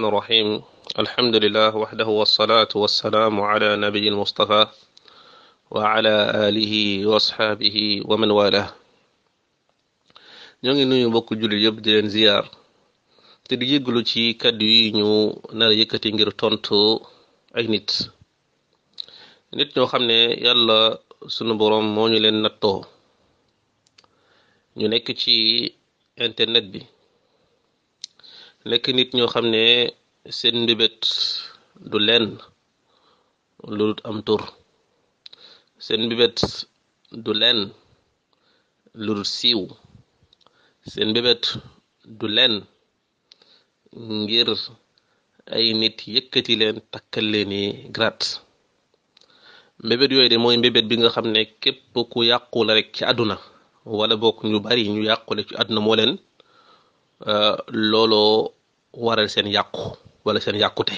الرحمن الرحيم الحمد لله وحده والصلاة والسلام على نبي المصطفى وعلى آله وأصحابه ومن والاه نيغي نوي بوك جولي ييب دي لين زيار تي دي ييغلو سي كادوي نيو نارا ييكاتي غير تونتو اي نيت نيت ньо خامني يالا سونو بوروم مو ني لين ناتو ني نيك سي انترنت بي lekk nit ñoo xam ne seen mbébét du leen lu dul am tur seen mbébét du leen lu dul siiw seen mbébét du leen ngir ay nit yëkkati leen takkal leen i grade mbébét yooyu de mooy mbébét bi nga xam ne képp ku yàqule rekk ci àdduna wala bokk ñu bari ñu yàqule ci àdduna moo leen Euh, looloo waral seen yàqu wala seen yàqute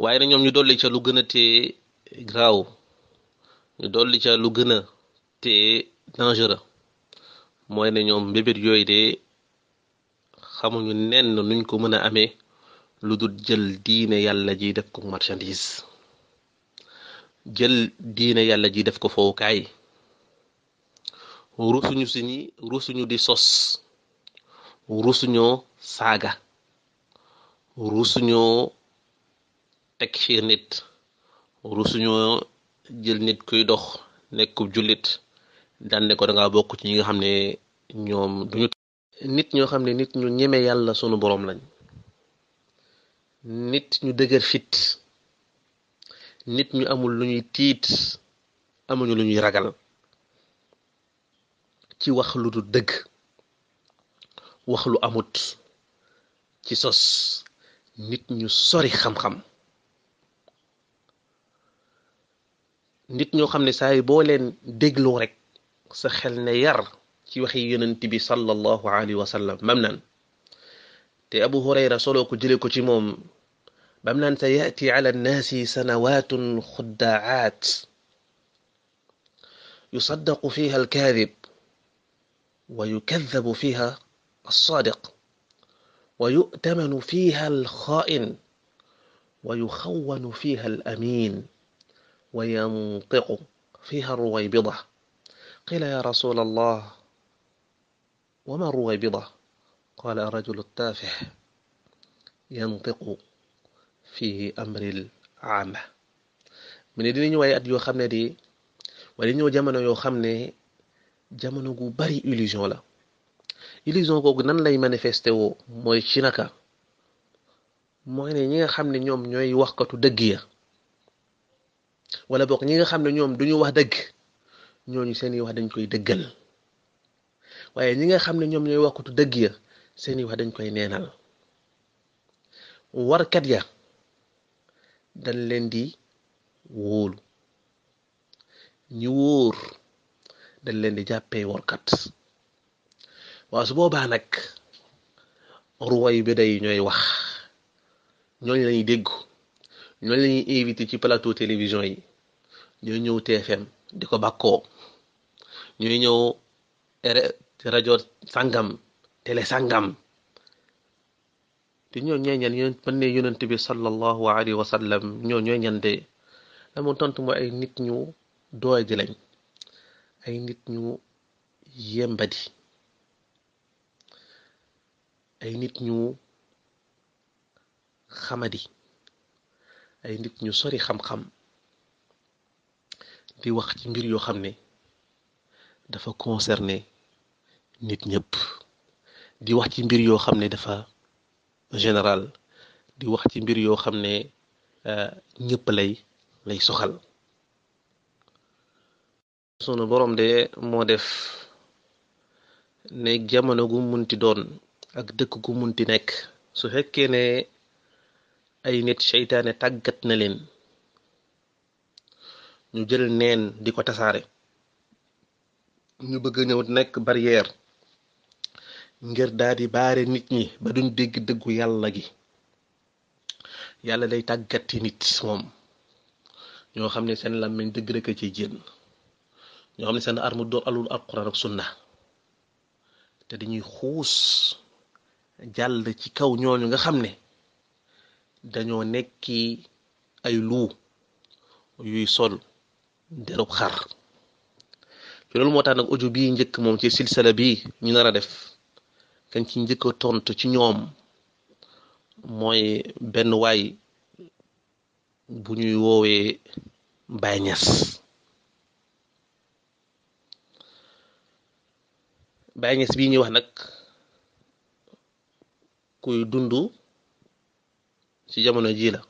waaye na ñoom ñu dolli ca lu gën a tee graaw ñu dolli ca lu gën a tee dangereux mooy na ñoom mbébét yooyu de xamuñu nenn nuñ ko mën a amee lu dul jël diine yàlla ji def ko marchandise jël diine yàlla ji def ko fowukaay rusuñu si ñi rusuñu di sos rusuñoo saaga rusuñoo tekfiir nit rusuñoo jël nit kuy dox nekkub jullit daan ko da ngaa bokk ci ñi nga xam ne ñoom nit ñoo xam ne nit ñu ñeme yàlla sunu boroom lañ nit ñu dëgër fit nit ñu amul lu ñuy tiit amuñu lu ñuy ragal ci wax lu du dëgg wax lu amut ci sos nit ñu sori xam-xam nit ñoo xam ne saa yi boo leen dégloo rek sa xel ne yar ci waxi yonent bi sallallahu alayhi wa sallam mam naan te abu hurayra solo ko jële ko ci moom bam naan sa yaati ala annaasi sanawatun xuddaat yusaddaqu fiha alkaadib wa yukadabu fiha الصادق ويؤتمن فيها الخائن ويخون فيها الأمين وينطق فيها الرويبضة قيل يا رسول الله وما الرويبضة قال الرجل التافه ينطق فيه أمر العامة من ne dina ñëw يوخمني at yoo xam ne di wala illusion googu nan lay manifesté woo mooy ci naka mooy ne ñi nga xam ne ñoom ñooy waxkatu dëgg ya wala boog ñi nga xam ne ñoom duñu wax dëgg ñooñu seeni wax dañ koy dëggal waaye ñi nga xam ne ñoom ñooy waxkatu dëgg ya seeni wax dañ koy neenal warkat ya dañ leen di wóolu ñi wóor dañ leen di jàppee warkat waaw su boobaa nag ruway bi day ñooy wax ñooñu lañuy dégg ñooñu lañuy invité ci plateau télévision yi ñooy ñëw TFM di ko bàkkoo ñooy ñëw rajo sàngam télé sàngam te ñoo ñooy ñan yon mën ne yonent bi sallallahu alayhi wa sallam ñooy ñan de la mu tontu mooy ay nit ñu dooy di ay nit ñu yembadi ay nit ñu xamadi ay nit ñu sori xam-xam di wax ci mbir yoo xam ne dafa concerné nit ñëpp di wax ci mbir yoo xam ne dafa général di wax ci mbir yoo xam ne euh, ñëpp lay lay soxal sunu borom de moo def ne jamono gu munti doon ak dëkk mun munti nekk su fekkee ne ay nit seytaane tàggat na leen ñu jël neen di ko tasaare ñu bëgg ñëw nekk barrière ngir daal di baare nit ñi ba duñ digg dëggu yàlla gi yàlla day tàggati nit moom ñoo xam ne seen làmmiñ dëgg rek ci ciy ñoo xam ne seen armu door alul alquran ak sunna te dañuy xuus jàll ci kaw ñooñu nga xam ne dañoo nekki ay luu yuy sol derub xar ci loolu moo tax nag ojo bi njëkk moom ci silsala bi ñu nar a def kañ ci njëkk a tontu ci ñoom mooy benn waay bu ñuy woowee Baay Ñas Baay Ñas bii ñuy wax nag kuy dund ci jamono ji la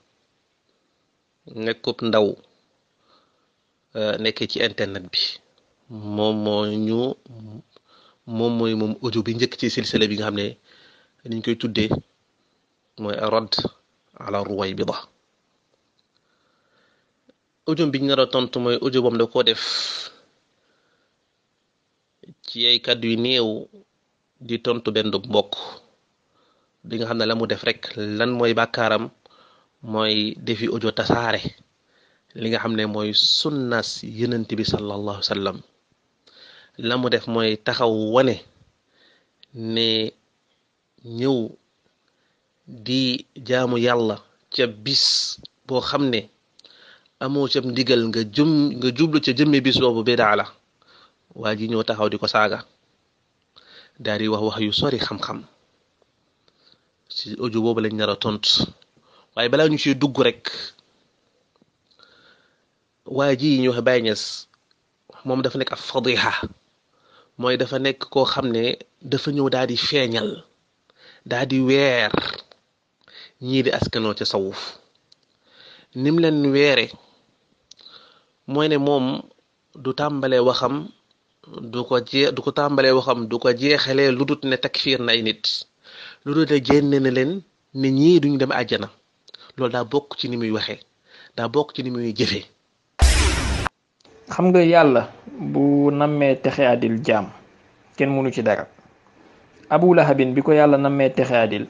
nekkub ndaw eh, nekk ci internet bi moom moo ñu moom mooy moom audio bi njëkk ci silsila bi nga xam ne niñ koy tudde mooy arad ala ruwaybida audio bi ñu nar a tontu mooy audio boobu da koo def ci ay kàddu yu néew di tontu benn mbokk bi nga xam ne la mu def rek lan mooy bakkaaram mooy defi ojo tasaare li nga xam ne mooy sunnas yenent bi sallallahu alayhi wa sallam la mu def mooy taxaw wane ne ñëw di jaamu yàlla ca bis boo xam ne amoo ca ndigal nga jëm jublu ca jëmme bis boobu bidaa la waa ji ñëw taxaw di ko saaga daal di wax wax yu sori xam-xam ci audio boobu lañ nar a tontu waaye balaa ñu ciy dugg rek waa ji yi ñu wax Baye Niass moom dafa nekk a fadiha mooy dafa nekk koo xam ne dafa ñëw daal di feeñal daal di weer ñii di askanoo ca sawuf nim leen weere mooy ne moom du tàmbalee waxam du ko jee du ko tàmbalee waxam du ko jeexalee lu dut ne takfiir na nay nit lu dul de génne na leen ne ñii duñu dem àjjana loolu daa bokk ci ni muy waxee daa bokk ci ni muy xam nga yàlla bu nammee texe adil jaam kenn mënu ci dara abu lahabin bi ko yàlla nammee texe adil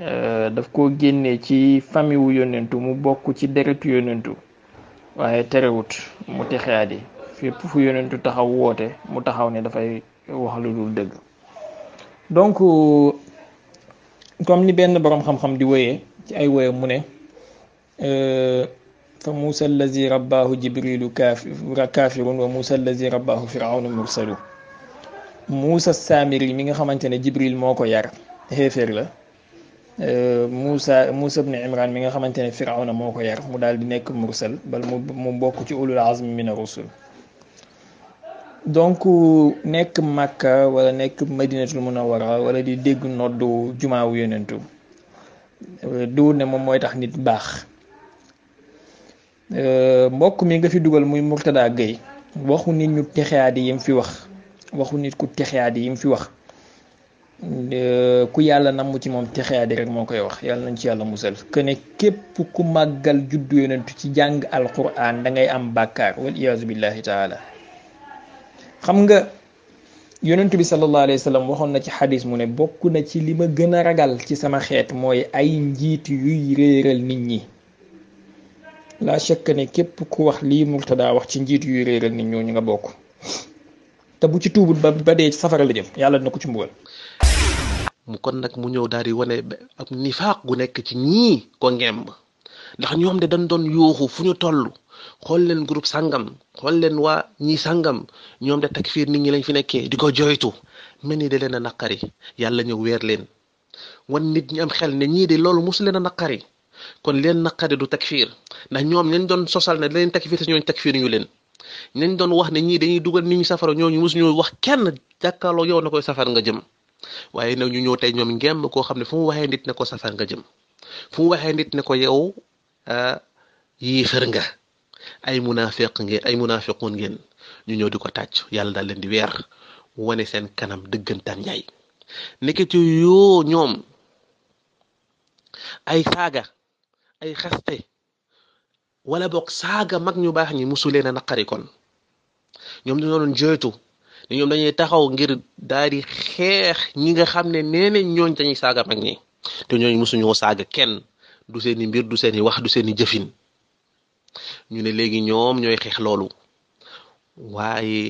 euh, daf koo génnee ci famille wu yonentu mu bokk ci deretu yonentu waaye terewut mu texe adi fépp fu yonentu taxaw woote mu taxaw ne dafay wax lu dul dëgg comme ni benn boroom xam-xam di woyee ci ay woyam mu ne euh, fa muusa allazi rabbaahu jibrilu kaafirun wa muusa allazi rabbaahu firawnu mursalu muusa saamiri mi nga xamante ne jibril moo ko yar xéeféer la euh, muusa muusa ibn imran mi nga xamante ne firawna moo ko yar mu daal di nekk mursal bal mu mu bokk ci ulul azmi min ar rusul donc nekk Makka wala nekk Madinatul Munawwara wala di dégg noddu jumaa wu yonentu euh, duwul ne moom mooy tax nit baax euh, mbokk mi nga fi dugal muy Mourtada Gueye waxu nit ñu texeyaadi yim fi wax waxu nit ku texeyaadi yim fi wax euh, ku yàlla namm ci moom texeyaadi rek moo koy wax yàlla nañ ci yàlla musal que ne képp ku màggal judd yonentu ci jàng alquran da ngay am bàkkaar wal iyaazu billahi taala xam nga yonent bi sallallahu alayhi wa waxoon na ci xadis mu ne bokk na ci li ma gën a ragal ci sama xeet mooy ay njiit yuy réeral nit ñi laa shakka ne képp ku wax lii murtadaa wax ci njiit yuy réeral nit ñu nga bokk te bu ci tuubut ba ba dee safara la jëm yàlla dina ko ci mbugal mu kon nag mu ñëw daal di wane ab nifaaq gu nekk ci ñii ko ngemb ndax ñoom de dañ doon yuuxu fu ñu toll xool leen groupe sangam xool leen waa ñii sangam ñoom de takfiir nit ñi lañ fi nekkee di ko joytu mel nii de leen a naqari yàlla ñëw weer leen wan nit ñam xel ne ñii de loolu mosu leen na naqari kon leen naqari du takfiir ndax ñoom ñañ doon sosal ne leen takfiir si ñooñu takfiir ñu leen ñañ doon wax ne ñii dañuy dugal nit ñi safara ñooñu mosu ñu wax kenn jàkkaarloo yow na koy safar nga jëm waaye nag ñu ñëw tey ñoom ngem koo xam ne fu mu waxee nit ne ko safar nga jëm fu waxee nit ne ko yow ah, yéefar nga ay munaafiq ngeen ay munaafiqun ngeen ñu ñëw di ko tàcc yàlla daal leen di weer wane seen kanam dëggantaan njaay nekkati yoo ñoom ay saaga ay xaste wala boog saaga mag ñu baax ñi musu leen a naqari kon ñoom dañoo doon joytu ñoom dañuy taxaw ngir daal di xeex ñi nga xam ne nee nañ ñooñ dañuy saaga mag ñi te ñooñ musuñoo saaga kenn du seeni mbir du seeni wax du seeni jëfin ñu ne léegi ñoom ñooy xeex loolu waaye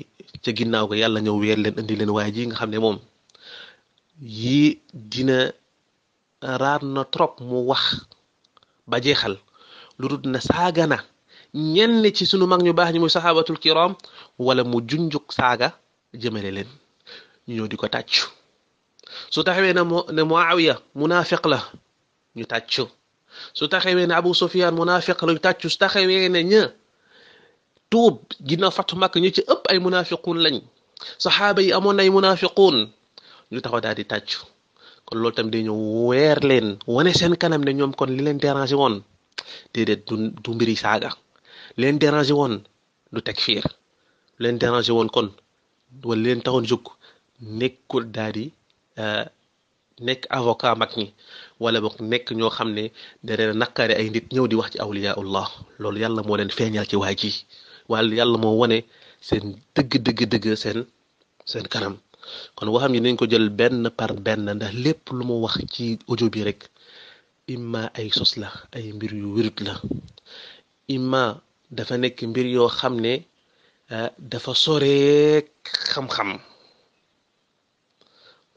ca ginnaaw ga yàlla ñëw weer leen indi leen waaye ji nga xam ne moom yii dina raar na trop mu wax ba jeexal lu dul na saaga na ñenn ci sunu mag ñu baax ñu muy saxaabatul kiram wala mu junjuk saaga jëmale leen ñu ñëw di ko tàccu su taxawee ne Muawiya munaafiq la ñu tàccu su taxawee ne Abu Sufyaan munaafiq lañu tàccu su taxawee ne ña tuub ginnaaw fatu Makk ñu ci ëpp ay munaafiquun lañ xaaba yi amoon ay munaafiquun ñu taxaw daal di tàccu kon loolu tam day ñëw weer leen wane seen kanam ne ñoom kon li leen dérangé woon déedéet du du mbiri saaga leen dérangé woon teg takfiir leen dérangé woon kon wala leen taxoon jóg nekkul daal di euh, nekk avocat mag ñi wala boog nekk ñoo xam ne dana naqare ay nit ñëw di wax ci awliyaullah loolu yàlla moo leen ci waa ji wala yàlla moo wane seen dëgg dëgg seen seen kanam kon waxam ji nañ ko jël benn par benn lépp lu mu wax ci audio bi rek imma ay la ay mbir yu wérut la imma dafa nekk mbir yoo xam ne ah, dafa soreek xam-xam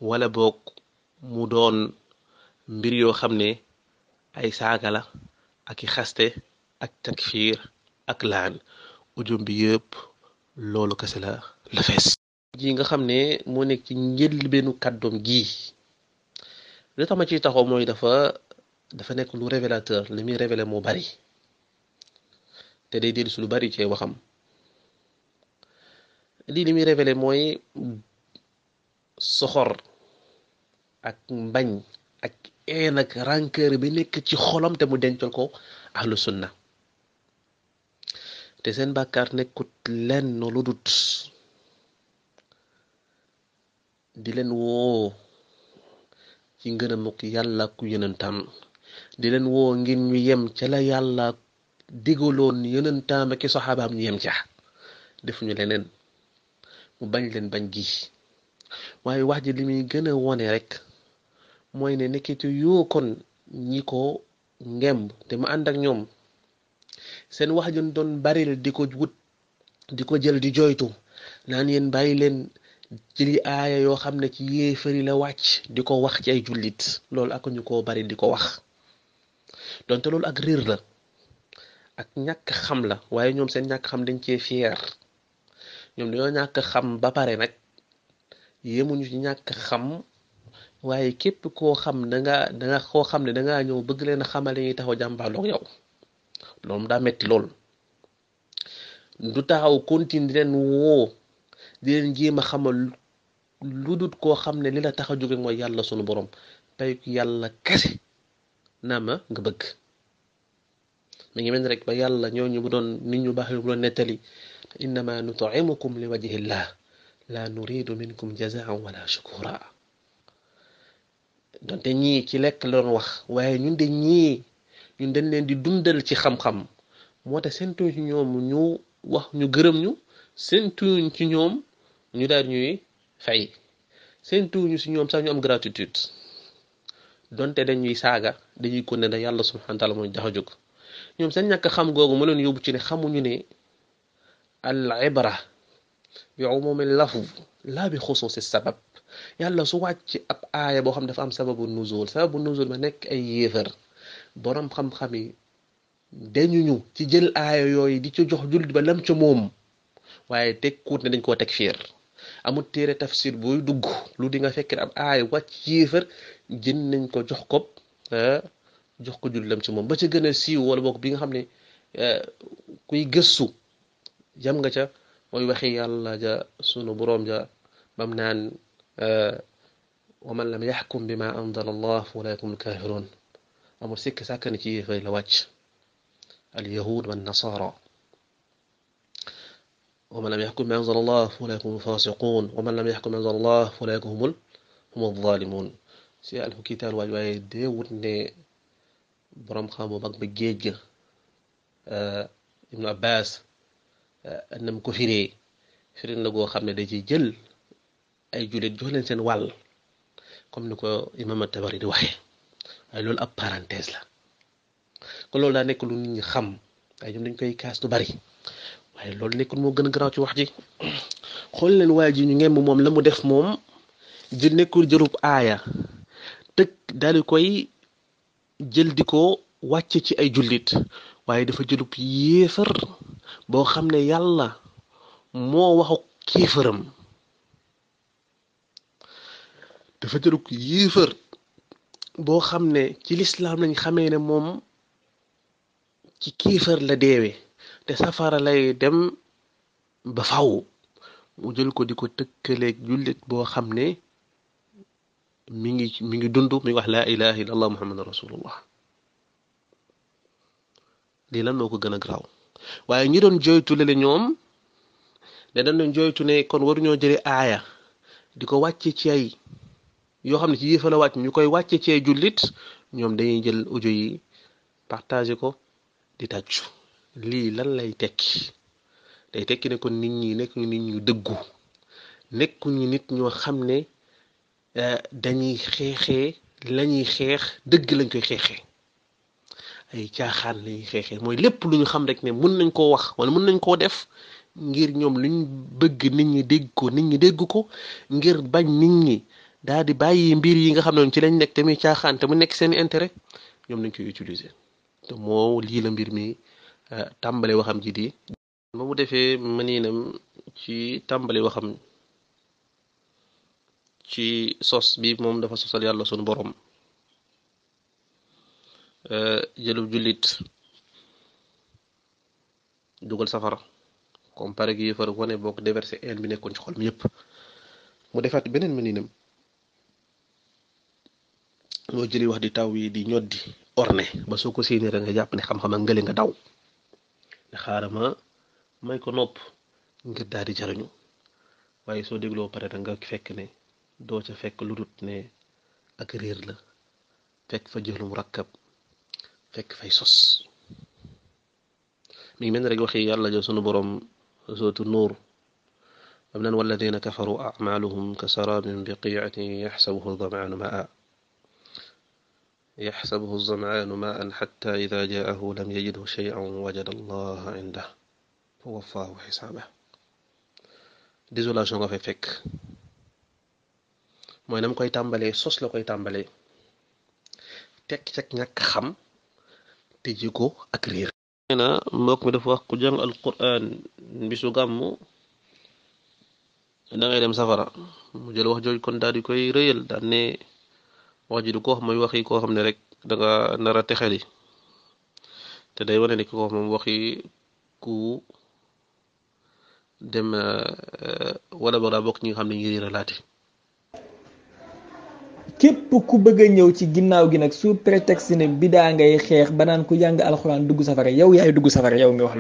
wala boog mu doon mbir yoo xam ne ay saaka la ak i xaste ak takfiir ak laan ujum bi yëpp loolu kese la la fees ji nga xam ne moo nekk ci njëlbeenu kàddoom gii li tax ma ciy taxaw mooy dafa dafa nekk lu révélateur li muy révélé moo bari te day dellu si bari cee waxam lii li muy mooy soxor ak mbañ ak fekkee nag rancœur bi nekk ci xolam te mu dencal ko ahlu na te seen bàkkaar nekkut lenn lu dut di leen woo ci ngërëmuk yàlla ku yonentam di leen woo ngir ñu yem ca la yàlla digaloon yonentam ak saxaabaam ñu yem ca def ñu leneen mu bañ leen bañ gi waaye wax ji li muy gën a wone rekk mooy ne nekkiti yoo kon ñi ko ngemb te mu ànd ak ñoom seen wax jun doon baril di ko wut di ko jël di joytu naan yéen bàyyi leen jëli aaya yoo xam ne ci yéefari la wàcc di ko wax ci ay jullit loolu ak ñu koo bari di ko wax doonte loolu ak riir la ak ñàkk xam la waaye ñoom seen ñàkk xam dañ cee fier ñoom dañoo ñàkk xam ba pare nag yémuñu ci ñàkk xam waaye képp koo xam danga nga da koo xam ne da ñëw bëgg leen xamal yi taxaw jàmbaarloog yow loolu daa metti lool du taxaw continue di woo di leen jéem a xamal lu dut koo xam ne li la taxa a jóge mooy yàlla sunu borom pay yàlla kese na ma nga bëgg mi ngi mel ni rek ba yàlla ñooñu bu doon nit ñu baax bu doon nettali innama nut'imukum li wajhillah la nuridu minkum jazaan wala shukura donte ñii ci lekk la doon wax waaye ñun de ñii ñun dañ leen di dundal ci xam-xam moo tax seentuñ ci ñoom ñu wax ñu gërëm ñu seentuñ ci ñoom ñu daal ñuy fay seentuñu si ñoom sax ñu am gratitude donte dañuy saaga dañuy ko ne da yàlla subhanahu wa taala mooy tax a jóg ñoom seen ñàkk xam googu ma leen yóbbu ci ne xamuñu ne al ibra bi umumi lafz laa bi xosoo xusuusi sabab yàlla su wàcc ab aaya boo xam dafa am sababu nuzul sababu nuzul ba nekk ay yéefar boroom xam-xam yi dañuñu ci jël aaya yooyu di ci jox jullit ba lam ca moom waaye teg tekkuut na dañ koo tekfiir amul téere tafsir booy dugg lu di nga fekk ab aaya wàcc yéefar jën nañ ko jox ko ah, jox ko jullit lam ci moom ba ca gën a siiw wala bokk bi nga xam ne eh, kuy gëstu jam nga ca mooy waxi yàlla ja sunu boroom ja bam naan آه، ومن لم يحكم بما أنزل الله فلا يكون الكافرون أما سكة ساكن كي في الوجه اليهود والنصارى ومن لم يحكم بما أنزل الله فلا يكون فاسقون ومن لم يحكم بما أنزل الله فأولئك هم هم الظالمون سي الكتاب واجواي دي ودني برام خامو بق بجيج آه، ابن عباس آه، انم كفري فرين لغو خامنة دي جل ay jullit jox leen seen wàll comme ni ko imaam Tabari di waxee waaye loolu ab parenthèse la kon loolu daa nekk lu nit ñi xam waaye ñoom dañ koy kaas du bari waaye loolu nekkul moo gën a garaaw ci wax ji xool leen waa ji ñu ngemb moom la mu def moom ji nekkul jërub aaya tëg daal koy jël di ko wàcce ci ay jullit waaye dafa jëlub yéefar boo xam ne yàlla moo waxu kéefaram dafa tëruk yéefër boo xam ne ci lislaam lañ xamee ne moom ci kiifar la deewee te safara lay dem ba faw mu jël ko di ko tëkkaleeg jullit boo xam ne mi ngi mu ngi dundu mi ngi wax laa ilaha illa allah muhammadan rasulullah lii lan moo ko gën a garaaw waaye ñi doon joytu lale ñoom ne dañ doon joytu ne kon waruñoo jële aaya di ko wàcce ci ay yoo xam ne ci yéefar wàcc ñu koy wàccee cee jullit ñoom dañuy jël audio yi partagé ko di tàccu lii lan lay tekki day tekki ne kon nit ñi nekk nit ñu dëggu nekku nit ñoo xam ne eh, dañuy xeexee lañuy xeex dëgg lañ koy xeexee ay caaxaan lañuy xeexee mooy lépp lu ñu xam rek ne mën nañ koo wax wala mën nañ koo def ngir ñoom luñ bëgg nit ñi dégg ko nit ñi dégg ko ngir bañ nit ñi daal di bàyyi mbir yi nga xam ne ci lañ nekk te muy caaxaan te mu nekk seen intérêt ñoom nañ koy utiliser te moo lii la mbir mi euh, tàmbali waxam ji di ba mu defee maniinam ci tàmbali waxam ci sos bi moom dafa sosal yàlla sunu borom euh, jëlub jullit dugal safara comme par exemple wane boo bi nekkoon ci xol mi yépp mu defaat beneen maniinam moo jëli wax di taw yi di ñoddi orne ba soo ko séenee rek nga jàpp ne xam-xam ak ngële nga daw ne xaaral ma may ko nopp ngir daal di waaye soo dégloo pare da nga fekk ne doo ca fekk lu dut ne ak réer la fekk fa jëlum rakkab fekk fay sos mi ngi mel rek waxi yàlla jël sunu borom sootu nuur bam naan walladina kafaru amaluhum ka sarabin biqiatin yaxsabuhu damaanu maa يحسبه الظمآن ماء حتى إذا جاءه لم يجده شيئا وجد الله عنده فوفاه حسابه désolation nga fekk mooy na koy tàmbalee sos la koy tàmbalee tekki cak ñàkk xam te ko ak réer nee na mbokk mi dafa wax ku jàng alquran bisu dem safara mu wax jooj kon daal koy rëyal daal wax ji du ko wax mooy waxi ko xam ne rek da nga nara te day wone ni ko waxi ku dem euh, wala bara bok ñi nga xam ne ñu ku bëgg ñew ci ginnaw gi nak sous prétexte ne bida ngay xex ba ku jang alcorane dugg safara yow yaay dugg safara yow nga wax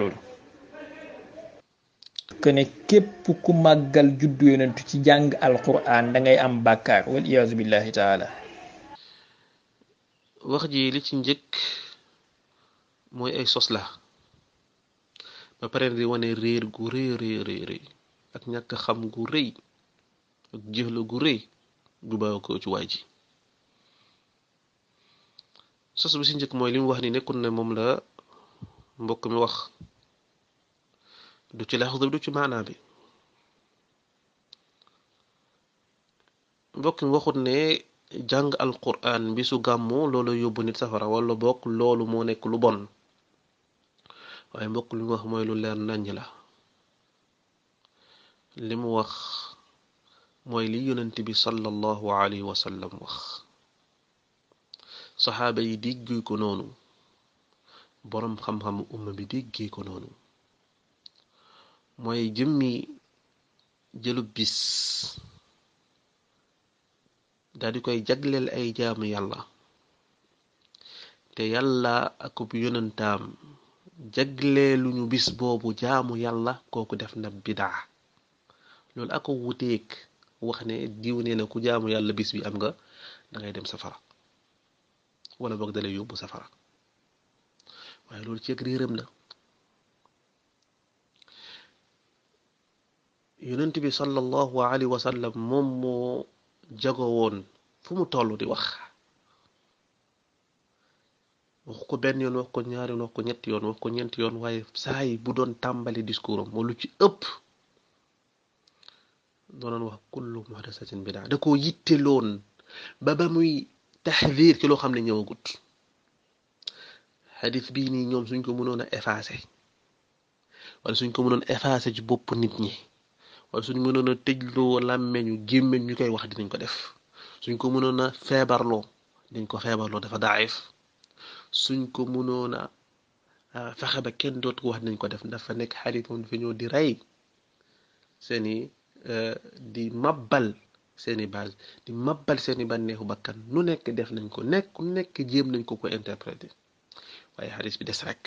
kene kep ku magal juddu yonentu ci jang alcorane da ngay am bakkar wal iyaazu billahi taala wax ji li ci njëkk mooy ay sos la ba pare di wane réer gu rëy rëy ak ñàkk xam gu rëy ak jëxla gu rëy gu baaw ko ci waay ji sos bi ci njëkk mooy li mu wax ni nekkul na moom la mbokk mu wax du ci laxas bi du ci maanaa bi mbokk mi waxut ne jàng alquran bisu gàmmu loolu yóbbu nit safara wala bokk loolu moo nekk lu bon waaye mbokk li mu wax mooy lu leer naññ la li mu wax mooy li yonent bi sallallahu alayhi wa sallam wax saxaaba yi déggee ko noonu boroom xam-xamu umma bi déggee ko noonu mooy jëmmi jëlu bis daal di koy jagleel ay jaamu yàlla te yàlla akub yonantaam jagleeluñu bis boobu jaamu yàlla kooku def na bidaa loolu ako wuteeg wax ne diw nee na ku jaamu yàlla bis bi am nga dangay dem safara wala boog dalay yóbbu safara waaye loolu ceeg réeram la yonent bi sallallahu alayhi wa moom moo jago woon fu mu toll di wax wax ko benn yoon wax ko ñaari yoon wax ko ñetti yoon ñeenti yoon waaye saa bu doon tàmbali discours am moo lu ci ëpp doonoon wax kullu muhdasatin bidaa da koo yitteloon ba ba muy taxdir ci loo xam ne ñëwagut xadis bii nii ñoom suñ ko mënoon a effacé wala suñ ko mënoon effacé ci bopp nit ñi wala suñ mënoon a tëjloo làmmeñu gémmeñ ñu koy wax dinañ ko def suñ ko mënoon a feebarloo dañ ko feebarloo dafa daayif suñ ko mënoon a fexe ba kenn dootu wax dinañ ko def dafa nekk xarit moom fi ñëw di rey seeni e, di mabbal seeni base di mabbal seeni bànneexu bakkan nu nekk def nañ ko nekk nekk jéem nañ ko ko interpréter waaye xadis bi des rek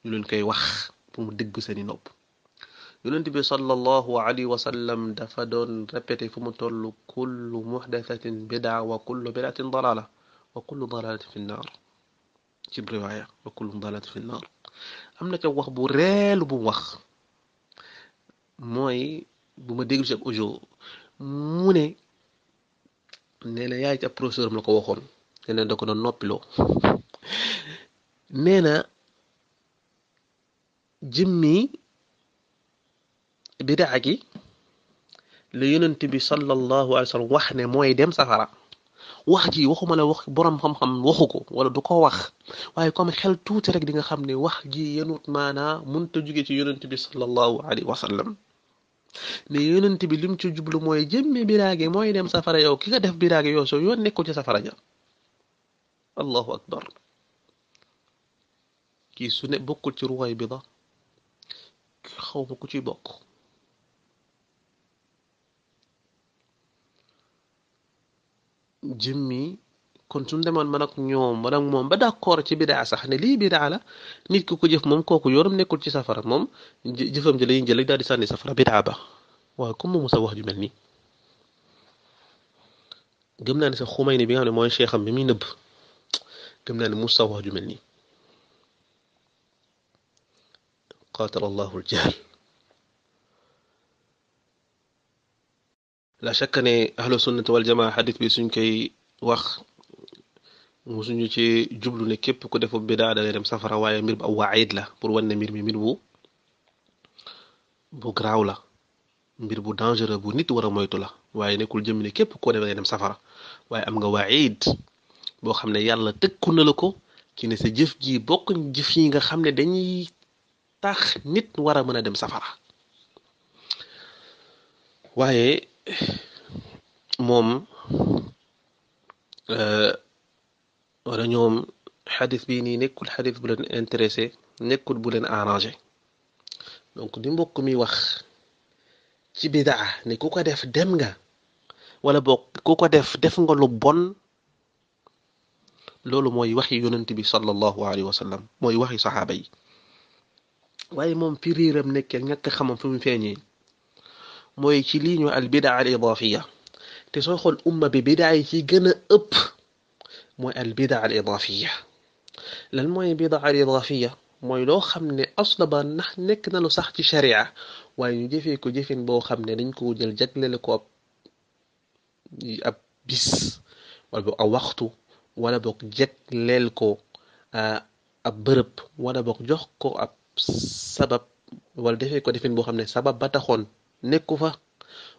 ñu leen koy wax pour mu dégg seeni nopp yonent bi sallallahu alayhi wa sallam dafa doon répété fu mu toll kullu muhdathatin bidaa wa kullu bidaatin dalala wa kullu dalalatin fi nnaar ci riwaaya wa kullu dalalatin fi nnaar am na ca wax bu reelu bu wax mooy bu ma déglu si ab audio mu ne nee na yaay ci ab professeur am la ko waxoon nee na da ko doon noppiloo nee na jëmmi bidaa gi la yonent bi sallallahu alayhi wa sallam wax ne mooy dem safara wax ji waxuma la wax borom xam-xam waxu ko wala du ko wax waaye comme xel tuuti rek di nga xam ne wax ji yenut maanaa mënta jóge ci yonent bi sallallahu alayhi wa sallam ne yonent bi lim ci jublu mooy jëmmi bidaa mooy dem safara yow ki nga def bidaa gi yow soo yoon nekkul ci safara ja allahu akbar kii su ne bokkul ci ruway bi la xaw ma ku ciy bokk jimmi kon suñ demoon man ak ñoom man ak moom ba d'accord ci bidaa sax ne lii bidaa la nit ku ko jëf moom kooku yoonam nekkul ci safara moom jëfam ji la ñuy jël rek daal di sànni safara bidaa ba waaye comme moom sa wax ju mel nii gëm naa ne sa ni bi nga xam mooy cheikham bi muy nëbb gëm naa ne mu sa wax ju mel nii qaatal allahu la chaque année ahlu sunnati wal jamaa xadis bi suñ koy wax suñu ci jublu ne képp ku defu bidaa da ngay dem safara waaye mbir bu aw waayit la pour wan ne mbir mi mbir bu bu la mbir bu dangereux bu nit war a moytu la waaye nekkul jëm ne képp koo def da dem safara waaye am nga waaye boo xam ne yàlla tëkku na la ko ci ne sa jëf ji bokk jëf yi nga xam ne dañuy tax nit war a mën a dem safara waaye موم ولا نيوم حادث بيني نيكول حادث بولن انتريسي نيكول بولن ارانجي دونك دي مبوك مي واخ تي بدعة ني كوكو ديف ديمغا ولا بوك كوكو ديف ديف نغا لو بون لولو موي وحي يونتبي صلى الله عليه وسلم موي وحي صحابي واي موم في ريرم نيكيل نياك خامم فمي فيني moy ci lii ñu al bid'a al idaafiya te so xol umma bi bid'a ci gëna ëpp moy al bid'a al idaafiya lan moy bid'a al idaafiya moy lo xamne asla ba ndax nek na lu sax ci sharia way ñu jëfé ko jëfin bo xamne dañ ko jël jaglele ko ab bis wala bu a waxtu wala jek lel ko ab beurep wala boog jox ko ab sabab wala defé ko defin bo xamne sabab ba taxone nekku fa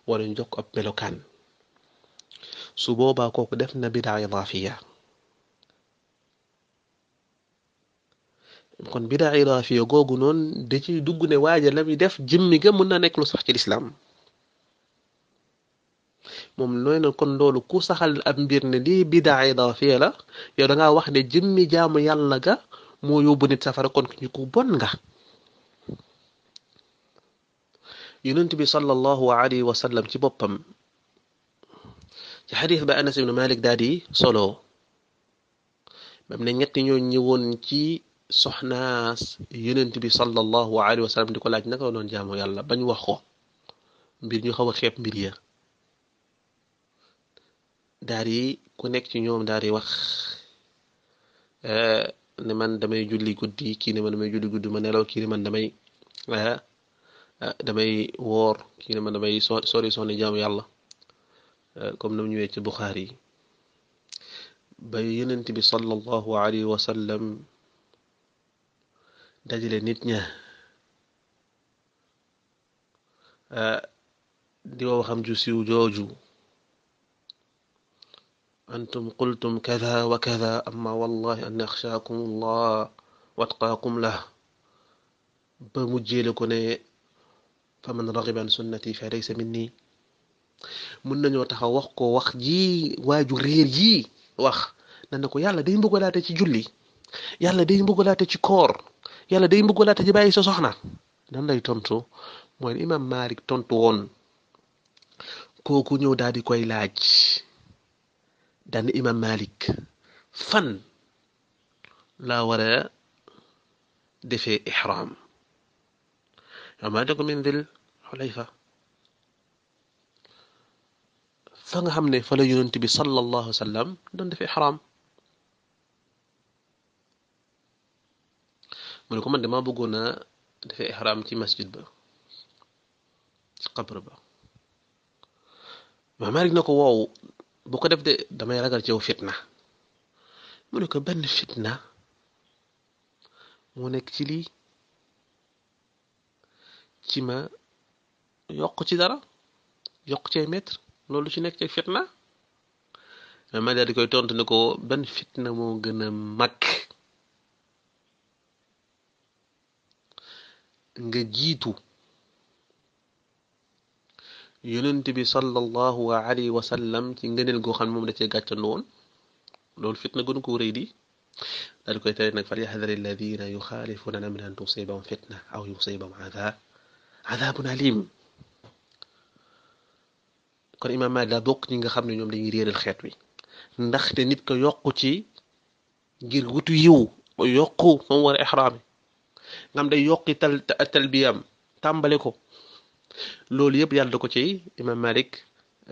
wala ñu jox ko ab melokaan su boobaa kooku def na bidaa idaafiya kon bidaa idaafiya googu noonu da ciy dugg ne waaja la def jëmmi ga mën na nekk lu sax ci lislaam moom nooy na kon loolu ku saxal ab mbir ne lii bidaa idaafiya la yow da wax ne jëmmi jaamu yàlla ga moo yóbbu nit safara kon ku bon nga yonent bi sallallahu alayhi wa ci boppam ci xadis ba anas ibnu malik daal solo mam ne ñetti ñoo ñëwoon ci soxna yonent bi sallallahu alayhi wa di ko laaj naka doon jaamu yàlla bañ wax ko mbir ñu xaw a xeeb mbir ya daal ku nekk ci ñoom daal di wax eh, ne man damay julli guddi kii ne man damay julli guddi ma nelaw kii ne man damay eh, damay woor kii ne ma damay sori sonni jaamu yàlla comme nam ñëwee ci buxaar yi ba yenent bi sallallahu alayhi wa sallam dajale nit ña di wa waxam ju siiw jooju antum qultum kada wa kada amma wallahi an axshaakum allah watqaakum lah ba mujjeele ko ne fa man raxiba an sunnati fa laysa minni mun nañoo taxaw wax ko wax ji waaju réer yi wax nan na ko yàlla day mbugalaate ci julli yàlla day mbugalaate ci koor yàlla day mbugalaate ci bàyyi sa soxna nan lay tontu mooy imam Malik tontu woon kooku ñëw daal di koy laaj daan imam Malik fan laa war defee ihram amadakum min dil xulayfa fa nga xam ne fa la yonent bi sallallahu alayhi wa sallam doon defee xaraam mu ne ko man dama bëggoon a defee ihraam ci masjid ba ci xabre ba ma Maalik na ko woow bu ko def de damay ragal ci yow fitna mu ne ko benn fitna moo nekk ci lii ci ma yokk ci dara yokk ci ay mètre loolu ci nekk fitna ma daal di koy tontu ne ko ban fitna moo gën a mag nga jiitu yonent bi sallallahu alayhi wa sallam ci ngëneel goo xam ne moom da cee gàccandu woon loolu fitna gënu ko rëy di daal di koy tere nag fal yaxdar alladina yuxaalifuna an amri an tusibahum fitna aw yusibahum adab adabun alim kon imaam Maalik daa bokk ñi nga xam ne ñoom dañuy réeral xeet wi ndaxte nit ko yokku ci ngir wutu yiw yokku fa mu war a ixraami day yokki tal talbiyam tàmbale ko loolu yëpp yàlla da ko ci imaam Maalik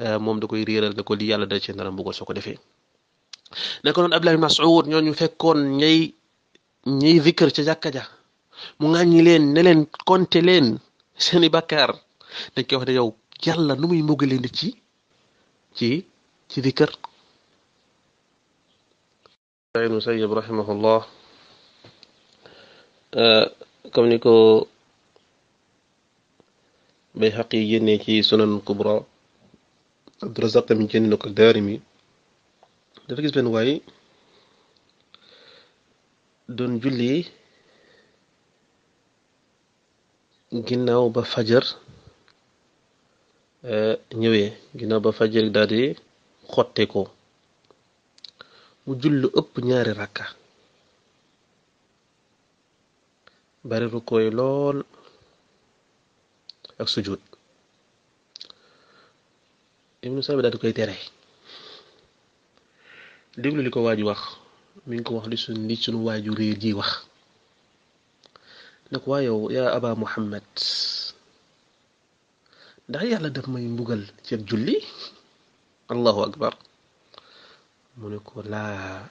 euh, moom da koy réeral ne ko lii yàlla da ci nara mbugal soo ko defee naka noonu Abdullah ibn Mas'ud fekkoon ñay ñiy zikr ca ja mu ŋàññi leen ne leen konte leen seeni bàkkaar dañ koy wax ne yow yàlla nu muy mbugalee nit ci ci ci dikkër saïd musayyib rahimahullah euh, comme ni ko Bayhaqi yi génnee ci sunan kubra Abdurazaq tamit génne na ko Daarimi dafa gis benn waay doon julli ginnaaw ba fajar eh, ñëwee ginnaaw ba fajar daal di xotte ko mu jullu ëpp ñaari rakka bari rukkooy lool ak sujud ibnu sabi daal di koy tere déglu li ko waaju wax mi ngi ko wax li suñ li suñu waaju réer ji wax ne ko waaye yow yaa aba muhammad ndax yàlla daf may mbugal ci ab julli allahu akbar mu ne ko laa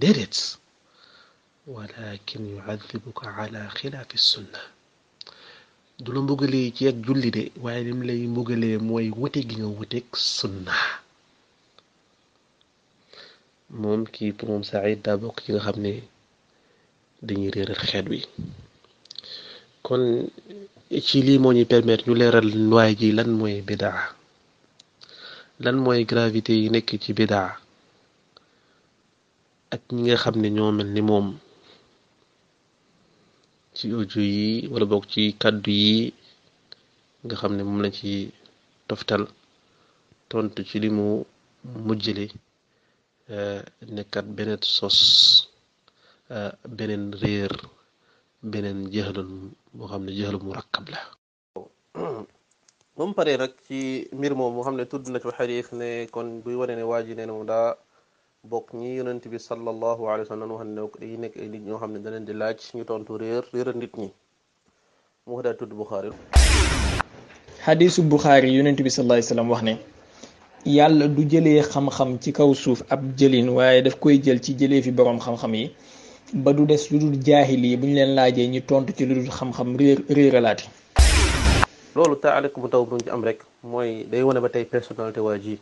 déedéet walakin yuadibuka ala xilaafi sunna du la mbugalee ci ak julli de waaye lim lay mbugalee mooy wute gi nga wuteeg sunna moom kii pour moom Saïd daa bokk ci nga xam ne dañuy réeral xeet wi kon ci lii moo ñuy permettre ñu leeral waay ji lan mooy bidaa lan mooy gravité yi nekk ci bidaa ak ñi nga xam ne ñoo mel ni moom ci audio yi wala boog ci kàddu yi nga xam ne moom la ci toftal tontu ci li mu mu jële eh, nekkat beneen sos eh, beneen réer beneen jëxlun boo xam ne jëxlu mu rakkab la ba rek ci mbir moom moo xam ne tudd na ci kon buy wane ne waa ji nee na moom daa bokk ñi yonent bi sallallahu alayhi wa sallam wax nekk ay nit ñoo xam ne da di laaj ñu tontu réer réer nit ñi ko daa tudd Buxaari xadiisu Buxaari yonent bi sallallahu alayhi wa wax ne yàlla du jëlee xam-xam ci kaw suuf ab jëlin waaye def koy jël ci jëlee fi boroom xam-xam yi ba du des lu dul jaahili bu ñu leen laajee ñu tontu ci lu dul xam-xam réer réeralaati loolu taaliq bu taw bu ci am rek mooy day wane ba tey personnalité waa ji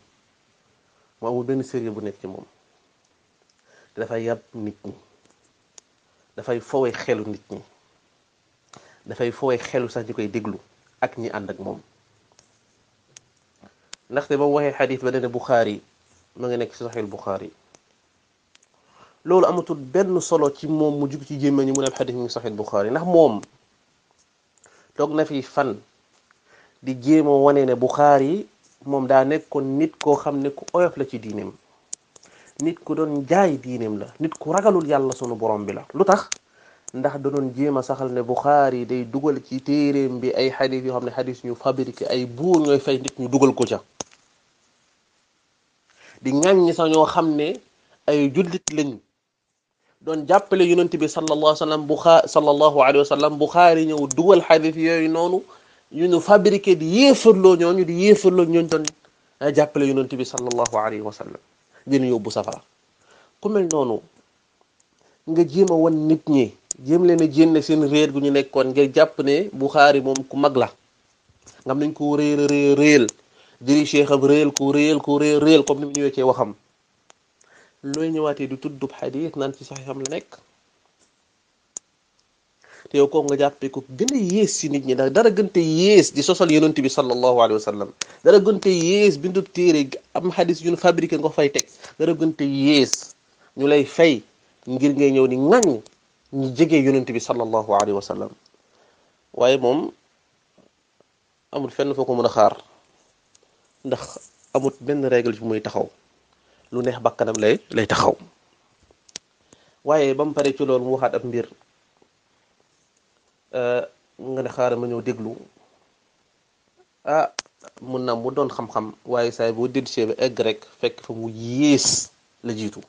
mu amul benn sérieux bu nekk ci moom te dafay yàb nit ñi dafay fowe xelu nit ñi dafay fowe xelu sax ñi koy déglu ak ñi ànd ak moom ndaxte ba mu waxee xadiis ba ne Buxaari ma ngi nekk ci saxiil Buxaari loolu amatul benn solo ci moom mu jug ci gémmiñ ñi mu dem xadis mu saxit Buxaari ndax moom toog na fi fan di jéem wane ne Buxaari moom daa nekkoon nit koo xam ne ku oyof la ci diineem nit ku doon jaay diineem la nit ku ragalul yàlla sunu borom bi la lu tax ndax da doon jéem a saxal ne Buxaari day dugal ci téeréem bi ay xadis yoo xam ne xadis ñu fabriqué ay buur ñooy fay nit ñu dugal ko ca di ñaañ ñi ñoo xam ne ay jullit lañu don jàppale yonent bi sallallahu alayhi wa sallam Buxaari sallallahu alayhi wa sallam Buxaari ñëw dugal xadis yooyu noonu ñu ñu fabriqué di yéefarloo ñooñu di yéefarloo ñooñu don jàppale yonent bi sallallahu alayhi wa sallam ñu yóbbu safara ku mel nonu nga jima won nit ñi jëm leen a jénne seen réer gu ñu nekkon nga jàpp ne bukhari mom ku magla la ngam nañ ko réer réer réel diri cheikh ab réel ko réel ko réel réel comme ni ñu ñëwee ci waxam looy ñëwaatee du tuddub xadis naan ci saxiixam la nekk te yow kooku nga jàppee ko gën a yées si nit ñi ndax dara gënte yées di sosal yonent bi sallallahu alayhi wa sallam dara gënte yées bindub téere am xadis yu ñu fabriqué nga fay teg dara gënte yées ñu lay fay ngir ngay ñëw ni ŋañ ñu jege yonent bi sallallahu alayhi wa sallam waaye moom amul fenn foo ko mën a xaar ndax amut benn règle fu muy taxaw lu neex bakkanam lay lay taxaw waaye ba mu pare ci loolu mu waxaat ab mbir nga ne xaaral ma ñëw déglu ah mun naa mu doon xam-xam waaye saay boo dellusee ba egg rek fekk fa mu yées la jiitu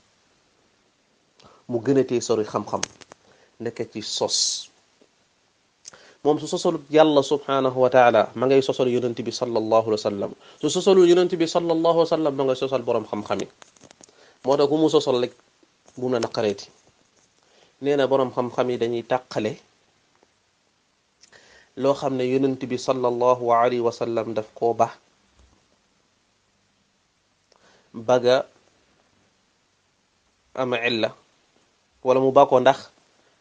mu gën a tee sori xam-xam nekk ci sos moom su sosalu yàlla subhaanahu wa taala sosal yonent bi sallallahu alayhi wa sallam su sosalu yonent bi sallallahu alayhi wa sosal boroom xam-xam moo tax ku mu sosol rek bu na naqareeti nee na boroom xam-xam yi dañuy tàqale loo xam ne yonent bi sallallahu alayhi wa sallam daf koo baax baga ama illa wala mu bàkkoo ndax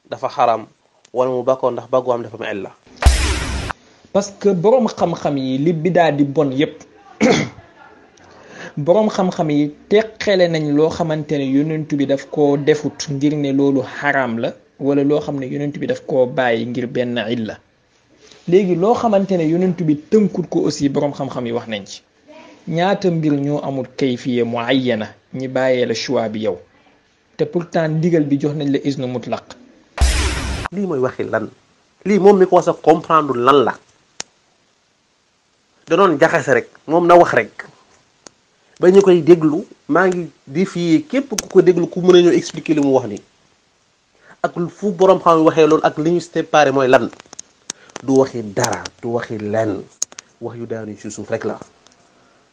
dafa xaram wala mu bàkkoo ndax baggu am dafa am illa parce que boroom xam-xam yi li daal di bon yépp boroom xam-xam yi teqale nañ loo xamante ne yonent bi daf koo defut ngir ne loolu xaraam la wala loo xam ne yonent bi daf koo bàyyi ngir benn la léegi loo xamante ne yonent bi tënkut ko aussi boroom xam-xam yi wax nañ ci ñaata mbir ñoo amul kayfiye muayyana ñi bàyyee la choix bi yow te pourtant ndigal bi jox nañ la isnu mutlaq lii mooy waxi lan lii moom mi ko wasa comprendre lan la da doon jaxase rek moom na wax rek ba ñu koy déglu maa ngi défier képp ku ko déglu ku mën a ñëw expliquer li mu wax nii ak fu borom xam waxee loolu ak li ñu séparé mooy lan du waxi dara du waxi lan wax yu daanu ci suuf rek la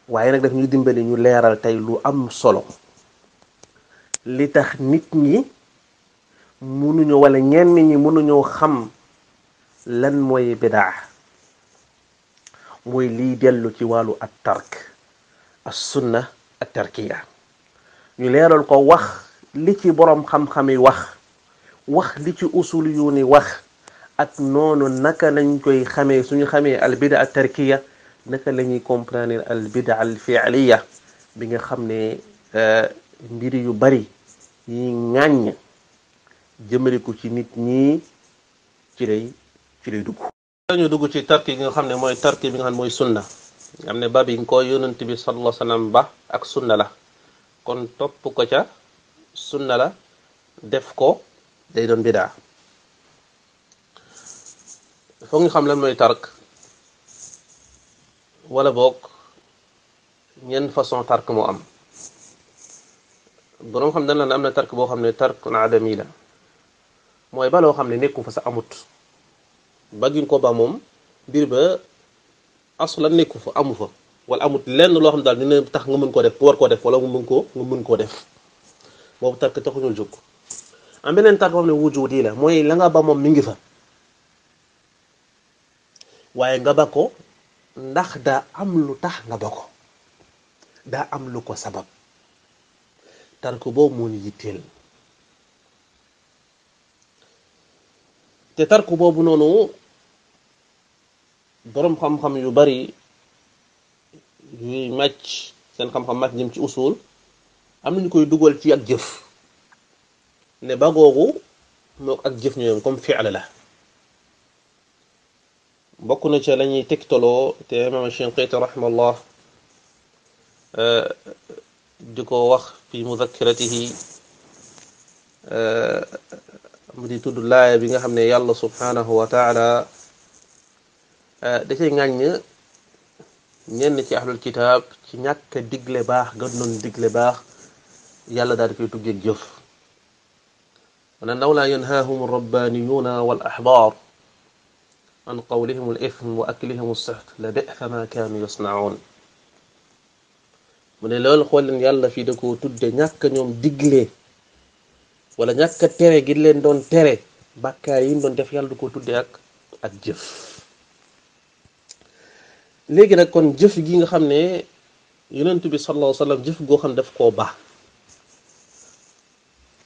waaye nag daf ñu dimbali ñu leeral tey lu am solo li tax nit ñi mënuñu wala ñenn ñi mënuñoo xam lan mooy bidaa mooy liy dellu ci wàllu ak tark sunna ak tarkiya ñu leeral ko wax li ci boroom xam-xam yi wax wax li ci usul yu ni wax ak noonu naka lañ koy xamee suñu xamee al bida at tarkiya naka la ñuy comprendre al bida al fi'liya bi nga xam ne euh, mbir yu bari yi ŋàññ jëmale ko ci nit ñi ci lay ci lay dugg dañu dugg ci tarki bi nga xam ne mooy tarki bi nga xam ne mooy sunna am na bab yi nga ko yonent bi sallallahu alayhi wa ba ak sunna la kon topp ko ca sunna la def ko day doon bidaa foog ñu xam la mooy tark wala boog ñenn façon tark moo am boroom xam dañ la am na tark boo xam ne tark na adami la mooy ba loo xam ne nekku fa sa amut ba giñ ko ba moom mbir ba la nekku fa amu fa wala amut lenn loo xam ne daal dina tax nga mën koo def war koo def wala nga mën koo nga mën koo def boobu tark taxuñul jóg am beneen tark boo mooy la nga ba ngi fa waaye nga ba ko ndax daa am lu tax nga ba ko daa lu ko sabab tark boobu moo ñu yitteel te tark boobu noonu boroom xam-xam yu bari yuy màcc seen xam-xam màcc jëm ci usul am nañu koy dugal ci ak jëf ne ba googu mook ak jëf ñooyam comme fi'l la bokk na ca la ñuy tegtaloo te imaam Shinqiiti raximahullah euh, di ko wax fi muzakkaratihi euh, mu di tudd laaya bi nga xam ne yàlla subhanahu wa taala da cay ŋàññ ñenn ci ahlul kitaab ci ñàkk digle baax ga doon digle baax yàlla daal di koy tuggee jëf mu ne law laa yanhaahum rabbaaniyuuna wal ahbaar an qawlihim al ithm wa aklihim al sixt la bi'sa ma kaanu yasnaun mu ne loolu xool leen yàlla fii da koo tudde ñàkk ñoom digle wala ñàkk tere gi leen doon tere bàkkaar yi ñu doon def yàlla du ko tudde ak ak jëf léegi nag kon jëf gi nga xam ne yonent bi sallallahu alayhi wa jëf goo xam ne daf koo baax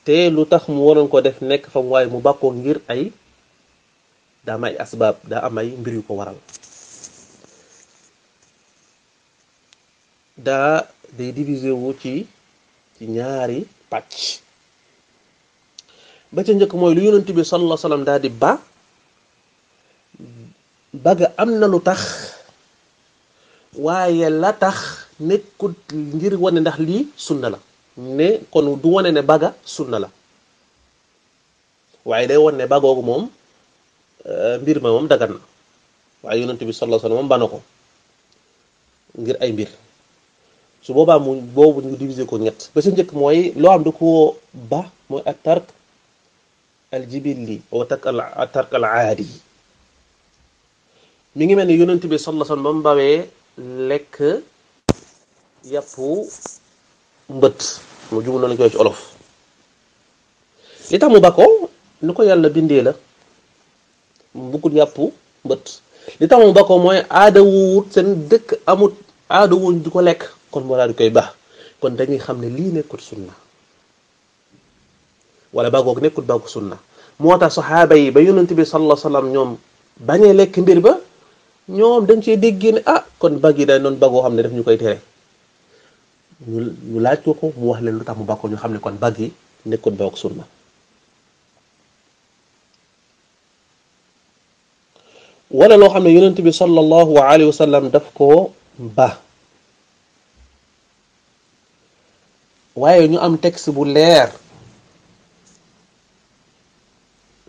te lu tax mu waroon ko def nekk fam waaye mu bàkkoo ngir ay daa am ay daa am ay mbir yu ko waral daa day divisé wu ci ci ñaari pàcc ba ca njëkk mooy lu yonent bi sallallahu alayhi wa daal di ba baga am na lu tax waaye la tax nekkut ngir wane ndax lii sunna la ne kon du wane ne baga sunna la waaye day wane ne bagoogu moom euh, mbir ma moom dagan na waaye yonent bi sallallahu alayhi ko ngir ay mbir su boobaa mu boobu ñu diviser ko ñett ba si njëkk mooy loo xam da ko ba mooy at tark al jibilli wa tark al aadi mi ngi mel ni yonent bi sallallahu alayhi wasallam lekk yàppu mbët mu jug lañ koy ci olof li tax mu bakkoo lu ko yàlla bindee la bukkut yàppu mbët li tax mu bakkoo mooy aada wuwut seen dëkk amut aada wuñ di ko lekk kon moo koy baax kon dañuy xam ne lii nekkut sunna wala bàggoog nekkut bàggu sunna moo tax saxaaba yi ba yonent bi sallallahu alayhi ñoom bañee lekk mbir ba ñoom dañ cee déggee ne ah kon bag yi day noonu bagoo xam ne daf ñu koy tere ñu ñu laaj ko mu wax leen lu tax mu bàkkoo ñu xam ne kon baggi yi nekkul bawak sunna wala loo xam ne yonent bi sallallahu alayhi wa sallam daf koo ba waaye ñu am texte bu leer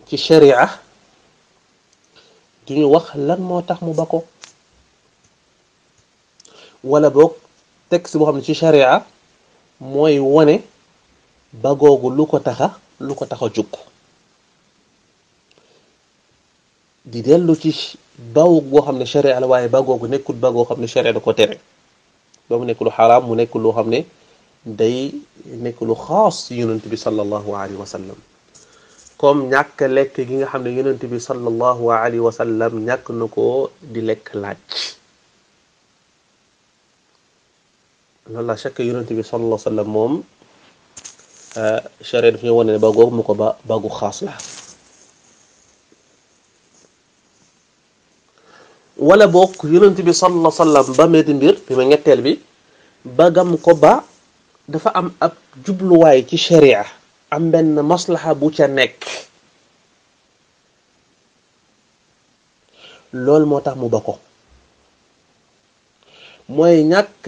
ci sharia du ñu wax lan moo tax mu ba ko wala boog texte boo xam ne ci sharia mooy wane ba lu ko taxa lu ko taxa jukk di dellu ci baw goo xam ne sharia la waaye ba nekkul ba goo xam ne sharia da ko tere ba mu nekk lu xaraam mu nekk loo xam ne day nekk lu xaas yonent bi sallallahu alayhi wa sallam comme ñàkk lekk gi nga xam ne yonent bi sallallahu alayhi wa sallam ñàkk na ko di lekk laaj loolu la chaque yonent bi sallallahu alayhi wa sallam moom charia euh, daf ñu wane ba googu mu ko ba bagu xaas la wala bokk yonent bi sallallahu alayhi wa ba meedi mbir bi ma ñetteel bi bagam ko ba dafa am ab jubluwaay ci charia am benn maslaxa bu ca nekk loolu moo tax mu ba ko mooy ñàkk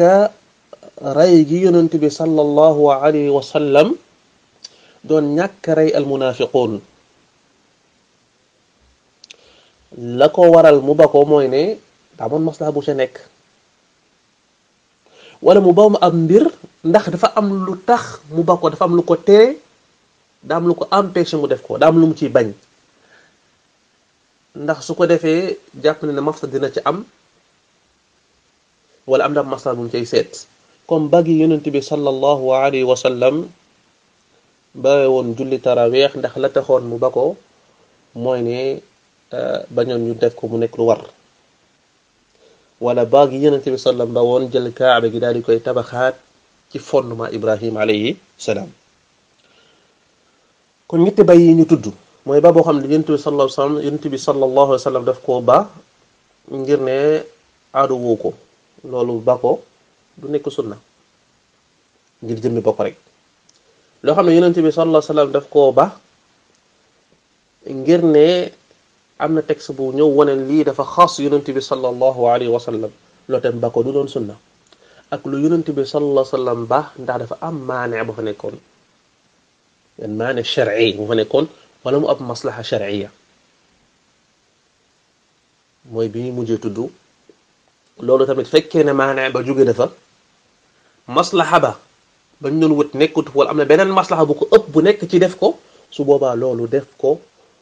rey gi yonent bi sallallahu alayhi wa doon ñàkk rey almunafiquun la ko waral mu ba ko mooy ne daa moon bu ca nekk wala mu ba mu am mbir ndax dafa am lu tax mu ba ko dafa am lu ko tee daam lu ko empêché mu def ko daam lu mu ci bañ ndax su ko defee jàpp na ne dina ci am wala am na mafsa bu mu cay seet comme bagi yonent bi sallallahu alayhi wa sallam bare woon julli taraweex ndax la taxoon mu ba ko mooy ne euh, bañoon ñu def ko mu nekk lu war wala bagi yonent bi sallam ba woon jël kaaba gi daal di koy tabaxaat ci fondement Ibrahim alayhi salaam kon ñetti bay yi ñu tudd mooy ba boo xam ne yonent bi sallallahu alayhi wasallam yonent bi sallallahu alayhi wasallam daf koo ba ngir ne aada woo ko loolu ba ko du nekk sunna ngir jëmmi ba ko rek loo xam ne yonent bi sallallahu alayhi wasallam daf koo ba ngir ne am na texte bu ñëw wane lii dafa xaas yonent bi sallallahu alayhi wasallam loo tam ba ko du doon sunna ak lu yonent bi sallallahu alayhi wasallam ba ndax dafa am maane bu fa nekkoon المعنى الشرعي ممكن يكون ولا مو مصلحة شرعية موي بي موجي تدو لولو تامت فكينا معنى بجوغ دفا مصلحة با بنون وت نيكوت ولا امنا بنان مصلحة بوكو اب بو نيك تي ديفكو سو بوبا لولو ديفكو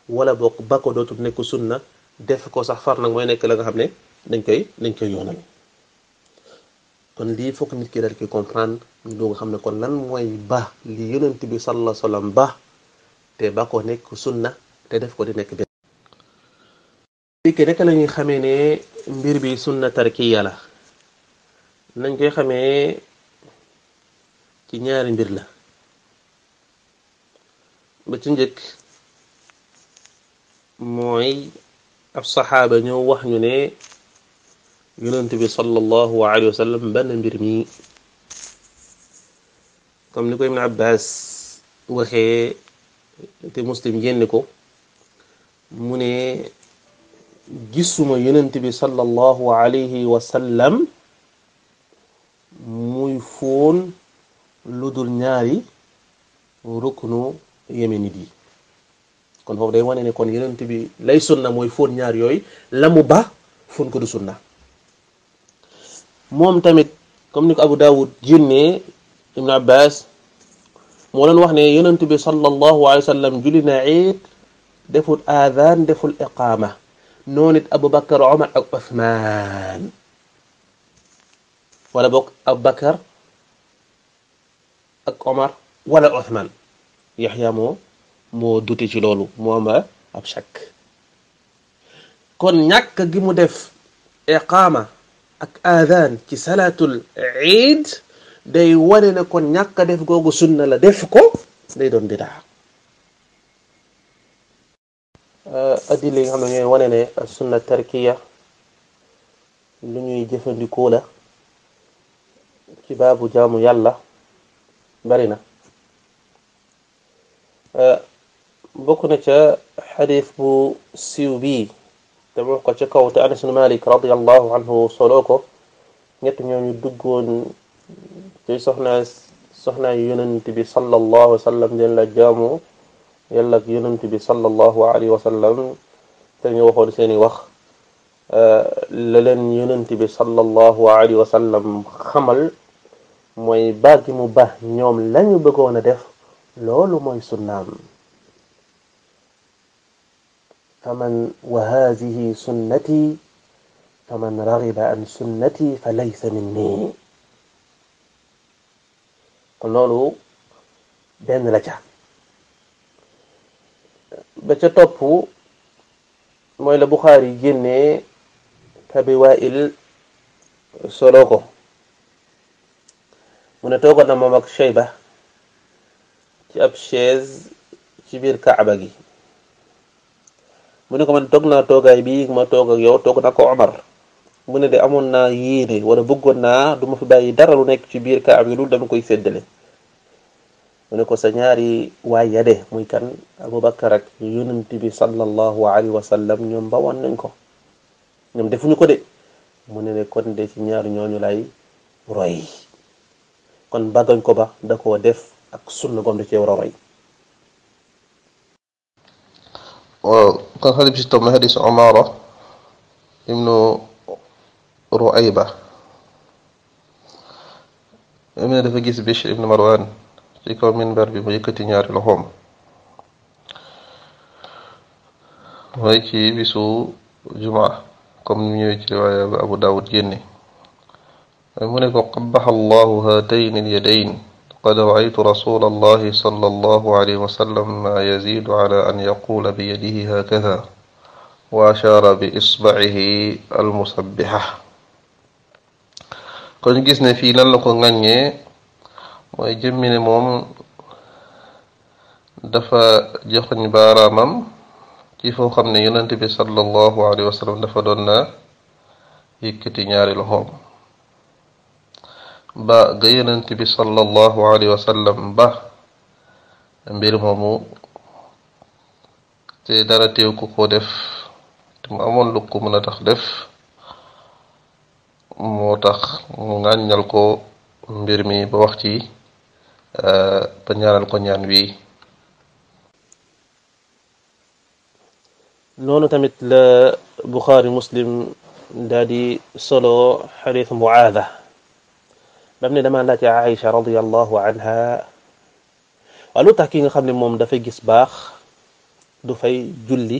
ولا بوك باكو دوتو نيكو سنة ديفكو صح فرنا موي نيك لاغا خامني دنجكاي kon lii foog nit ki dal ki comprendre ñu doog xam ne kon lan mooy ba li yonent bi sallallahu alayhi wasallam ba te ba ko nekk sunna te def ko di nekk benn xamee ne mbir bi sunna tarkiya la nañ koy xamee ci ñaari mbir la ba ci njëkk mooy ab saxaaba ñëw wax ñu ne yonent bi sallallahu alayhi wa sallam benn mbir mi comme ni ko Ibn Abbas waxee te muslim génne ko mu ne gisuma yonent bi sallallahu alayhi wa sallam muy fóon lu dul ñaari ruknu yemenit yi kon foofu day wane ne kon yonent bi lay sunna mooy fóon ñaar yooyu la mu ba fóon ko du sunna moom tamit comme ni ko Abu Dawud yónnee Ibn Abbas moo leen wax ne yonent bi sallallahu alayhi wa sallam julli na iid deful aadaan deful iqaama noonu it Abu Bakar Omar ak Othman wala boog Abu Bakar ak Omar wala Othman Yaxya moo moo duti ci loolu moo am ab shakk kon ñàkk gi mu def iqaama ak adaan ci salaatul iid day wane kon ñàkk a def googu sunna la def ko day doon bidaa euh, addi li nga xam ne ñooy wane ne sunna tarkiya lu ñuy jëfandikoo la ci baabu jaamu yàlla bari na euh, bokk na ca xadiis bu siiw bii te wax ko ca kaw te anas malik radiallahu anhu soloo ko ñett ñooñu duggoon ci soxnaa soxnaa yu yonent bi sallallahu wa sallam den la jaamu yàlla ak yonent bi sallallahu alayhi wa sallam te ñu waxoon seeni wax la leen yonent bi sallallahu alayhi wa sallam xamal mooy baagi mu baax ñoom lañu bëggoon a def loolu mooy sunnaam فمن وهذه سنتي فمن رغب عن سنتي فليس مني كن له بين لا جا با تا بخاري جيني تبوائل سلوكو من توكو نما مك شيبه تي اب شيز تي بير mu ne ko man toog naa toogaay bi ma toog ak yow toog na ko Omar mu ne de amoon naa yéene wala bëggoon naa du ma fi bàyyi dara lu nekk ci biir kaab yi lu dama koy séddale mu ne ko sa ñaari waay ya de muy kan Abubakar ak yonent bi sallallahu alayhi wa sallam ñoom bawoon nañ ko ñoom defuñu ko de mu ne ne kon de ci ñaari ñooñu lay roy kon bàggañ ko ba da koo def ak sunna gom da cee roy وكان خالد بشتو مهرس عمارة ابن رعيبة ابن رفقيس بش ابن مروان شيكو من بر بمجيكة نيار لهم ويكي بسو جمعة كم نيويك رواية أبو داود جيني ومنك قبح الله هاتين اليدين قد رأيت رسول الله صلى الله عليه وسلم ما يزيد على أن يقول بيده هكذا وأشار بإصبعه المسبحة كون جيسنا في لن لكم غني ويجمين موم دفا جخن بارامم كيف خمني ينتبه صلى الله عليه وسلم دفا دونا يكتي نياري لهم ba ga yonent bi sallallahu alayhi wa sallam ba mbir momu te dara teew ko ko def te mu amon lu ko meuna tax def motax tax mu ko mbir mi ba wax ci euh ba ñaanal ko ñaan wi nonu tamit la bukhari muslim dadi solo hadith mu'adha daf ne damaa laaj Aïcha radiyallahu anha waaw lu tax ki nga xam ne moom dafay gis baax du fay julli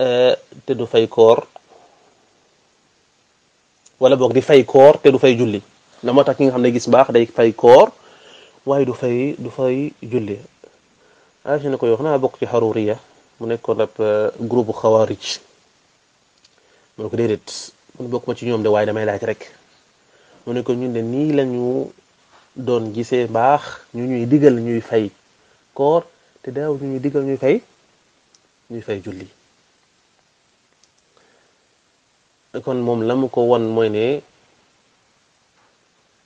eh, te du fay koor wala boog di fay koor te du fay julli la moo tax ki nga xam ne gis baax day fay koor waaye du fay du fay julli Aïcha ne ko yow xanaa bokk ci xaruriya mu nekkoon ab eh, groupe xawaarij mu ne ko déedéet mu bokk ma ci ñoom de waay damay laaj rek mu ne ko ñun de nii lañu doon gisee mbaax ñu ñuy digal ñuy fay koor te daaw ñu ñuy digal ñuy fay julli kon moom la ko won mooy ne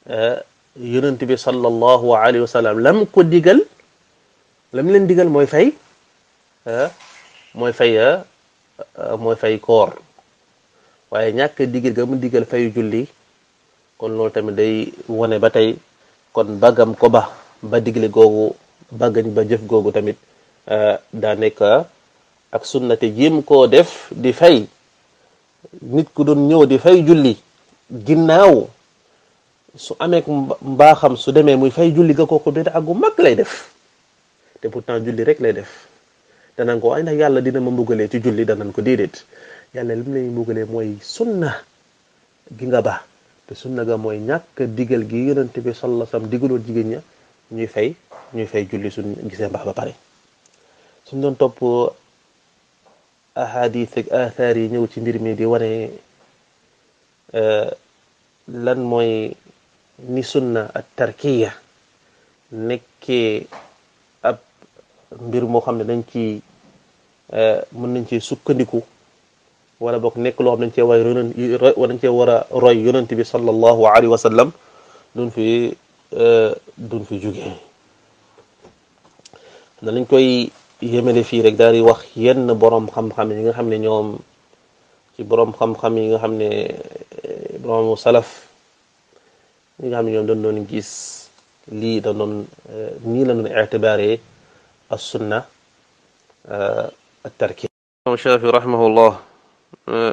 eh, yonent bi sallallahu alayhi wa lam ko digal lam leen digal mooy fay eh, mooy fay eh, mooy fay koor waaye ñàkk digal ga mu digal fay julli kon loolu tamit day wone ba tey kon bagam ko ba ba digle googu bagañ ba jëf googu tamit euh, daa nekk ak sunnate jéem koo def di fay nit ku doon ñëw di fay julli ginnaaw su amee mbaaxam su demee muy fay julli ga kooku bida ak gu mag lay def te pourtant julli rek lay def danañ ko ay ndax yàlla dina ma mbugalee ci julli danañ ko déedéet yàlla lim lay mbugalee mooy sunna gi nga ba te sunna ga moy ñak digel gi yonente bi sallallahu alayhi wasallam digaloon jigéen ña ñuy fay ñuy fay julli sun gisee mbax ba pare sun don top ahadith ak athari ñew ci mbir mi di euh lan moy ni sunna at tarkiya nekke ab mbir mo xamne dañ ci euh mën nañ ci sukkandiku wala boog nekk loo xam dañ cee way yonen wa dañ cee war a roy yonent bi sallallahu alayhi wa sallam duñ fi duñ fi jóge na lañ koy yémele fii rek daal di wax yenn borom xam-xam yi nga xam ne ñoom ci borom xam-xam yi nga xam ne borom salaf yi nga xam ne ñoom dañ doon gis lii dañ doon nii la doon itibaare as sunna at tarkib Shafi rahimahullah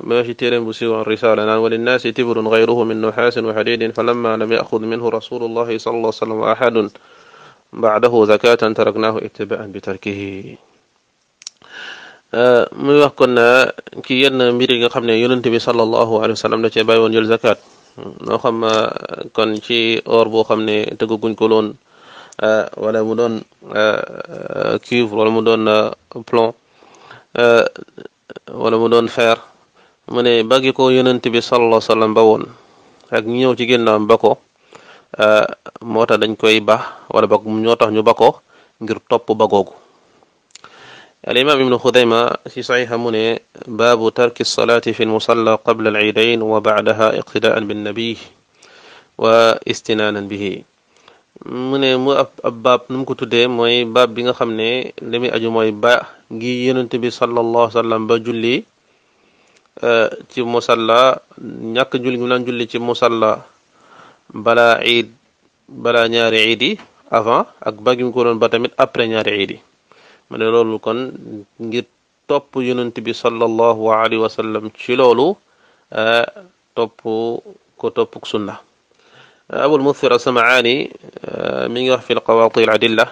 ماشي تيرين بسيو الرسالة نعم، وللناس تبر غيره من نحاس وحديد فلما لم يأخذ منه رسول الله صلى الله عليه وسلم أحد بعده زكاة تركناه اتباعا بتركه مما كنا كينا ميريغا خمنا ينتبه صلى الله عليه وسلم نتبع ونجل زكاة نخم كان شي أربو خمنا تقوكون كلون ولا مدون كيف ولا مدون بلون ولا مدون فير mu bagi ko yonent bi sallallahu alayhi wasallam bawon ak ñëw ci gennam bako euh mota dañ koy baax wala ba ñoo tax ñu bako ngir ba ko al imam ibn googu si sahiha mune babu tarki منه fi ترك qabla al المصلى wa ba'daha iqtida'an bin nabi wa istinanan bihi mune mu ab bab num ko tuddé moy bab bi nga xamné limi aju moy ba gi yonent bi sallallahu wasallam ba julli ci musalla ñak julli ñu lan julli ci musalla bala eid bala ñaari eid avant ak ba gi ko don ba tamit après ñaari eid mané lolu kon ngir top yonent bi sallallahu alayhi wa sallam ci euh top ko toppuk sunna أبو المثير السمعاني من يحفي القواطي العدلة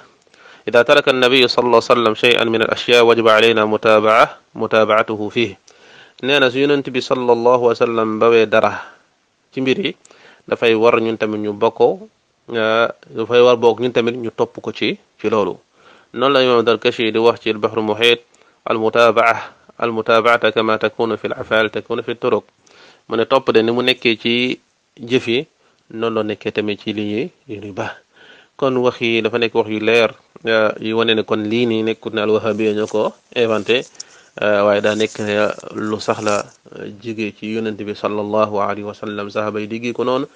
إذا ترك النبي صلى الله عليه وسلم شيئا من الأشياء وجب علينا متابعة متابعته فيه nee na su yonent bi sallallahu alayhi wa sallam bawee dara ci mbir yi dafay war ñun tamit ñu bokkoo dafay war bokk ñun tamit ñu topp ko ci ci loolu noonu la imaam Darkashi di wax ci al-bahru muhiit al-mutaabaa al-mutaabaata kama takunu fi al-afaal takunu fi turuq mu ne topp de ni mu nekkee ci jëf yi noonu la nekkee tamit ci li ñuy ba kon wax yi dafa nekk wax yu leer yu wane ne kon lii nii nekkut ne al-wahabiya ñoo ko inventé Euh, waaye daa nekk euh, lu saxla euh, jigee ci yonent bi sallallahu alayhi wa sallam sahaba yi diggi ko noon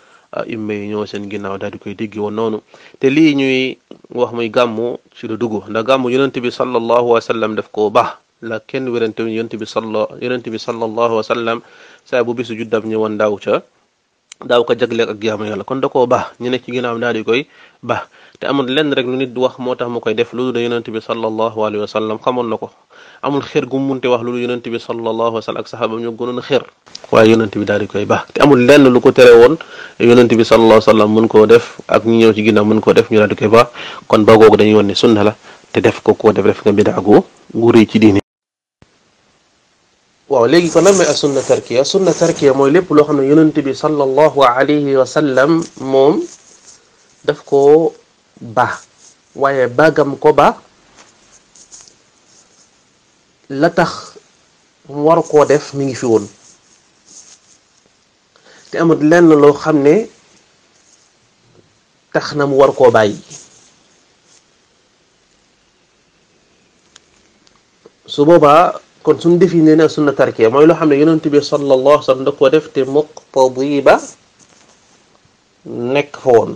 imme yi ñoo seen ginnaaw daal di koy diggi woon noonu te lii ñuy wax muy gàmmu ci lu dugg ndax gàmmu yonent bi sallallahu alayhi wa sallam daf koo baax la kenn werante yonent bi salla yonent bi sallallahu alayhi wa sallam saa bu bisu juddam ñëwoon daaw ca daaw ko jagleel ak jaamu yàlla kon da koo baax ñu nekk ci ginnaawam daal di koy baax te amul lenn rek lu wax moo tax mu koy def loolu da yonent bi sallallahu alayhi wa sallam na ko amul xër gu te wax loolu yonent bi sallallahu alayhi wa sallam ak saxaabam ñoo gënoon a xër waaye yonent bi daal baax te amul lenn lu ko tere woon yonent bi sallallahu alayhi wa sallam mun koo def ak ñi ñëw ci ginnaaw mun koo def ñu daal di koy baax kon ba googu dañuy won ne sunna la te def ko koo def def nga bidaa gu nguur ci diini waaw léegi kon lan mooy ak sunna tarkiya sunna tarkiya mooy lépp loo xam ne yonent bi sallallahu alayhi wa sallam moom daf koo baax waaye baagam ko ba la tax mu war koo def mi ngi fi woon te amut lenn loo xam ne tax na mu war koo bàyyi su boobaa kon suñ définir ne sunna tarkiya mooy loo xam ne yonent bi sallallahu alayhi wa sallam da koo def te muqtadi ba nekk fa woon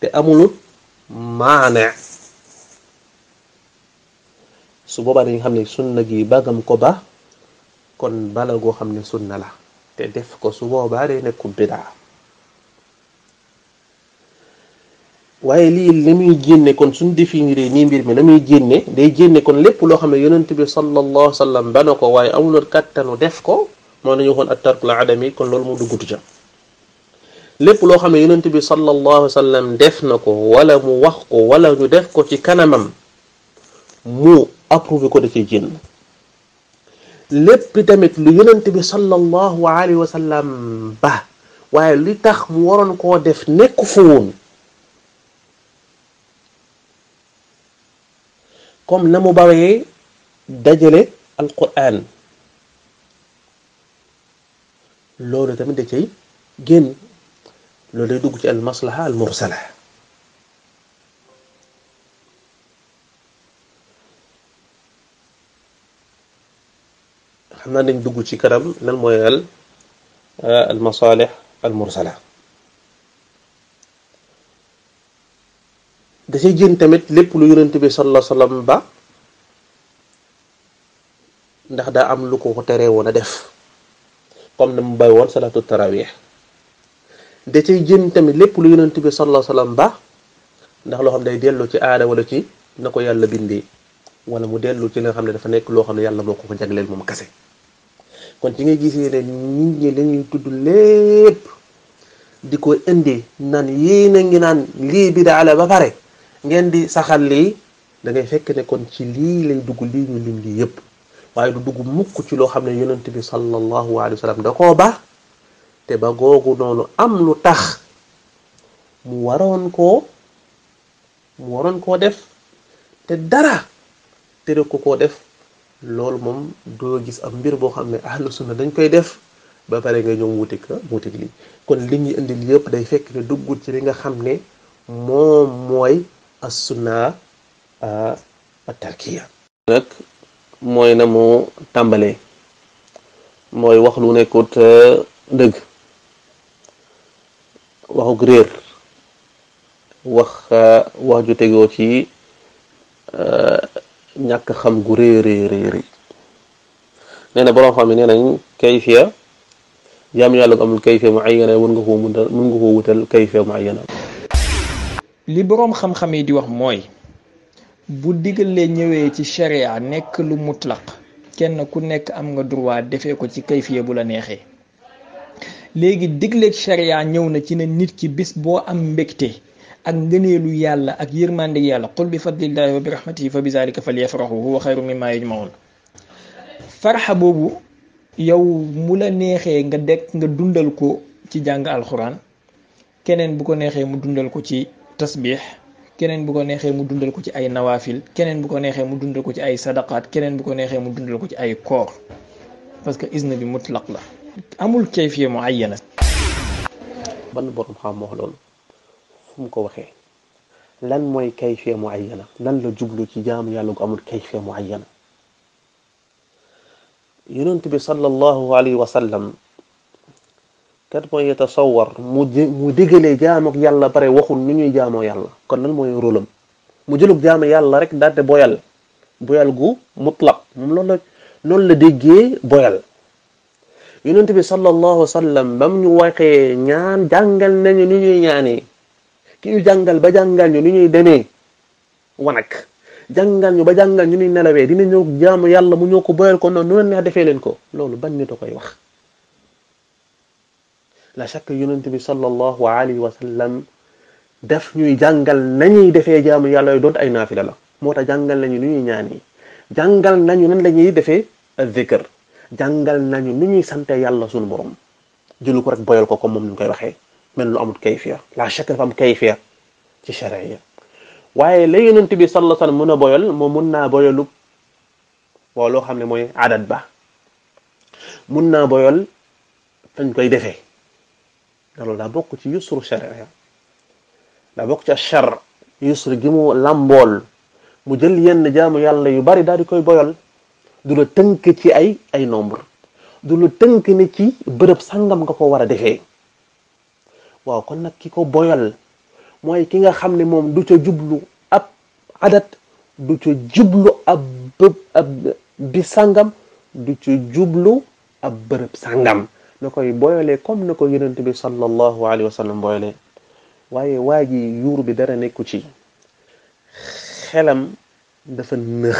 te amulut maane su boobaa dañu xam ne sunna gi bagam ko ba kon bala goo xam ne sunna la te def ko su boobaa day nekku bidaa waaye lii li muy génne kon suñ définiré nii mbir mi la muy génne day génne kon lépp loo xam ne yonent bi sallallahu alayhi wa sallam ba na ko waaye amul kattanu def ko moo nañu waxoon ak tarkul adami kon loolu mu duggutu ca lépp loo xam ne yonent bi sallallahu alayhi wa sallam def na ko wala mu wax ko wala ñu def ko ci kanamam mu approuvé ko da ci génn lépp tamit lu yonent bi sallallahu alayhi wa sallam ba waaye li tax mu waroon koo def nekk fu woon comme na mu bawee dajale alquran loolu tamit da cay génn loolu day dugg ci almaslaha almursala xam naa dañ dugg ci kanam lan mooy al al masalih al mursala da cay jën tamit lépp lu yonent bi sallallahu alayhi wasallam ba ndax da am lu ko ko téré wona def comme nam bay won salatu tarawih da cay jeen tamit lépp lu yonent bi sallallahu alayhi wasallam ba ndax lo xam day delu ci aada wala ci nako yàlla bindee wala mu delu ci nga xam ne dafa nek lo xam ne yàlla moko ko jaglél mom kassé kon ci ngay gisee ne nit ñi dañuy tudd lépp di ko indi naan yéen a ngi naan lii bidaa la ba pare ngeen di saxal lii da ngay fekk ne kon ci lii lay dugg lii ñu lim lii yépp waaye du dugg mukk ci loo xam ne yonent bi sallallahu alayhi wa sallam da koo ba te ba googu noonu am lu tax mu waroon koo mu waroon koo def te dara tere ko koo def loolu moom doo gis ab mbir boo xam ne ahlu sunna dañ koy def ba pare nga ñoom wutik wutik lii kon li ñuy indil yépp day fekk ne duggul ci li nga xam ne moom mooy as sunna tarkiya nag mooy na mu tàmbalee mooy wax lu nekkut euh, dëgg waxuk réer wax euh, wax ju tegoo ci euh, ñàkk xam gu rëy rëy rëy rëy xam ne nee kayfiya jaam yàlla ko amul kayfiya muayyana mën nga koo mën mën nga koo wutal kayfiya li boroom xam-xam yi di wax mooy bu diggalee ñëwee ci sharia nekk lu mutlaq kenn ku nekk am nga droit defee ko ci kayfiya bu la neexee léegi digleeg sharia ñëw na ci ne nit ki bis boo am mbégte ak ngëneelu yàlla ak yërmande yàlla qul bi fadlillahi wa bi rahmatihi fa bi zalika falyafrahu huwa xayru mimma yajmaun farxa boobu yow mu la neexee nga dekk nga dundal ko ci jàng alxuraan keneen bu ko neexee mu dundal ko ci tasbiix keneen bu ko neexee mu dundal ko ci ay nawaafil keneen bu ko neexee mu dundal ko ci ay sadaqaat keneen bu ko neexee mu dundal ko ci ay koor parce que isna bi mutlaq la amul kayfiya muayyana ban borom fu mu ko waxee lan mooy kayfiya muayyana lan la jublu ci jaamu yàlla gu amul kayfiya muayyana yonent bi sallallahu alayhi wa sallam kat mooy yatasawar mu mu digalee jaamook yàlla bare waxul nu ñuy jaamoo yàlla kon lan mooy rôlam mu jëlug jaamu yàlla rek daate boyal boyal gu mutlaq moom loolu la noonu la boyal yonent bi sallallahu wa sallam bam ñu waxee ñaan jàngal nañu nu ñuy ñaanee ki ñu jàngal ba jàngal ñu nu ñuy demee wanak jàngal ñu ba jàngal ñu ni nelawee dina ñëw jàmm yàlla mu ñëw ko boyal ko noonu nu neex defee leen ko loolu bañ nit a koy wax la shakk yonent bi sallallahu alayhi wa sallam def ñuy jàngal nañuy defee jaamu yàlla doon ay naafila moo tax jàngal nañu nu ñuy ñaan jàngal nañu nan la ñuy defee zikr jàngal nañu nu ñuy sante yàlla sunu borom jëlu ko rek ko comme moom ni ñu koy waxee mel lu amul kayfiya la shakk dafa am kayfiya ci charia waaye la yonent bi sallallahu alayhi wasallam mën a boyal moom mun naa boyalu boo loo xam ne mooy adat ba mun naa boyal fañ koy defe da loolu daa bokk ci yusru charia daa bokk ci achar yusru gi mu làmbool mu jël yenn jaamu yàlla yu bari daal di koy boyal du la tënk ci ay ay nombre du la tënk ni ci bërëb sangam nga ko war a defee waaw kon nag ki ko boyal mooy ki nga xam ne moom du ca jublu ab adat du ca jublu ab bëb ab bi sangam du ca jublu ab bërëb sàngam na koy boyalee comme na ko yonent bi sallallahu alayhi wa sallam waaye waa ji yuur bi dara nekku ci xelam dafa nëx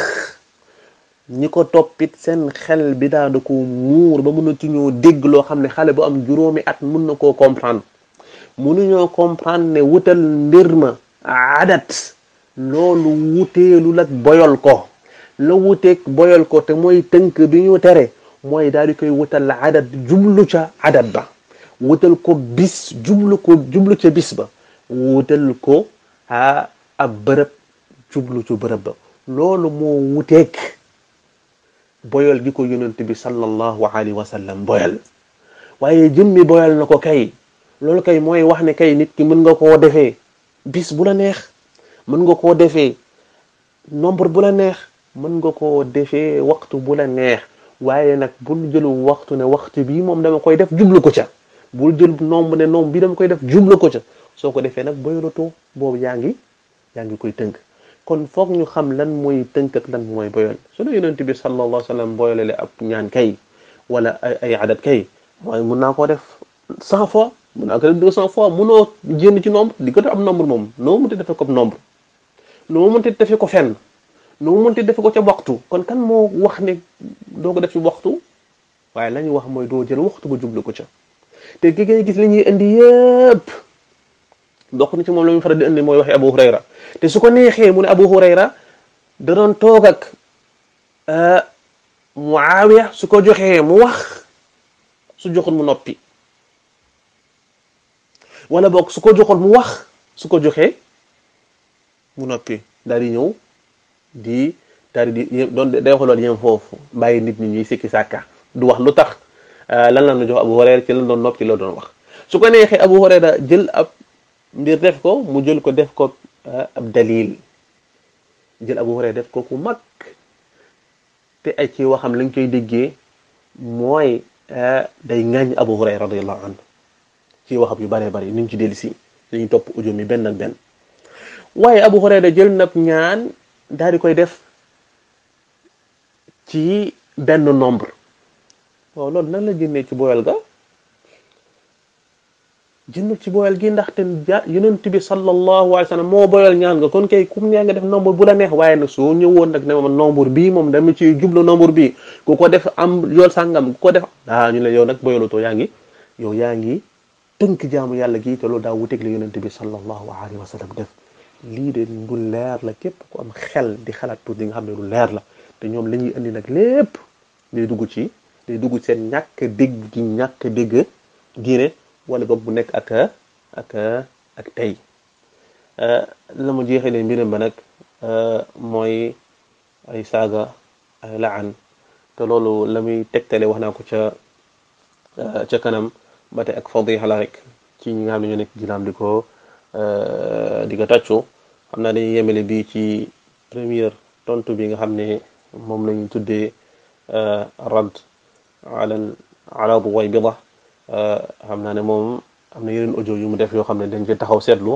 ñi ko toppit seen xel bi daa da ko muur ba mu na ci ñoo dégg loo xam ne xale bu am juróomi at mun na koo comprendre mënuñoo comprend ne wutal mbir ma adat loolu wuteelul ak boyal ko la wuteeg boyal ko te mooy tënk bi ñu tere mooy daal di koy wutal adat jublu ca adat ba wutal ko bis jublu ko jublu ca bis ba wutal ko a ab bërëb jublu cu bërëb ba loolu moo wuteeg boyal gi ko yonent bi sallallahu alayhi wa sallam boyal waaye jëmmi boyal na ko kay loolu kay mooy wax ne kay nit ki mën nga koo defee bis bu la neex mën nga koo defee nombre bu la neex mën nga koo defee waxtu bu la neex waaye nag bul jël waxtu ne waxtu bi moom dama koy def jublu ko ca bul jël nombre ne nombre bi dama koy def jublu ko ca soo ko defee nag boyalato boobu yaa ngi yaa ngi koy tënk kon foog ñu xam lan mooy tënk ak lan mooy boyal sunu yonent bi sallallahu alayhi wa sallam boyalale ab ñaan kay wala ay ay adat kay mooy mun naa koo def cent fois mën naa ko def deux cent fois mënoo génn ci nombre di ko am nombre moom noo mënti defee ko nombre noo mënti defee ko fenn noo mënti defee ko ca waxtu kon kan moo wax ne doo ko def ci waxtu waaye lañuy wax mooy doo jël waxtu ba jublu ko ca te ki ngay gis li ñuy indi yëpp bokk na ci moom la ñu faral di indi mooy waxi Abu Hurayra te su ko neexee mu ne Abu Hurayra da doon toog ak euh, su ko joxee mu wax su joxul mu noppi. wala boog su ko joxoon mu wax su ko joxee mu noppi daal di ñëw di daal di doon day wax yem foofu bàyyi nit ñi ñuy sikki sàkka du wax lu tax euh, lan la ñu jox Abu Hurayra ci lan doon nopp ci doon wax su ko neexee Abu Hurayra jël ab mbir def ko mu jël ko def ko euh, ab dalil jël Abu Hurayra def ko ku mag te ay ci waxam lañ koy déggee mooy euh, day ŋàññ Abu Hurayra radiyallahu anhu ci waxam yu bëree bëri ni ñu ci dellu si dañuy topp audio mi benn ak benn waaye Abu Hurayra jël nag ñaan daal di koy def ci benn nombre waaw loolu nan la génnee ci boyal ga jëndul ci boyal gi ndaxte yonent bi sallallahu alayhi wa moo boyal ñaan nga kon kay kum ñaan nga def nombre bu la neex waaye nag soo ñëwoon nag ne ma nombre bi moom dama ci jublu nombre bii ku ko def am yool sàngam ku ko def ah ñu ne yow nag boyalutoo yaa ngi yow yaa ngi tënk jaamu yàlla gi te loolu daa wuteeg li yonente bi sallallahu alayhi wa sallam def lii de lu leer la képp ku am xel di xalaat pour di nga xam ne lu leer la te ñoom la ñuy indi nag lépp day dugg ci day dugg ci seen ñàkk dégg gi ñàkk dégg diine wala boog bu nekk ak ak tey euh, la mu jeexalee mbiram ba nag euh, mooy ay saaga ay laan te loolu la muy tegtale wax naa ko ca euh, ca kanam ba tey ak fadiha la rek ci ñi nga xam ne ñu nekk jilaam di ko euh, di ko xam naa ne yemale bii ci première tontu bi nga xam ne moom lañu tuddee euh, radd ala ala Duwaybida euh, xam naa ne moom am na yeneen audio yu mu def yoo xam ne dañ ci taxaw seetlu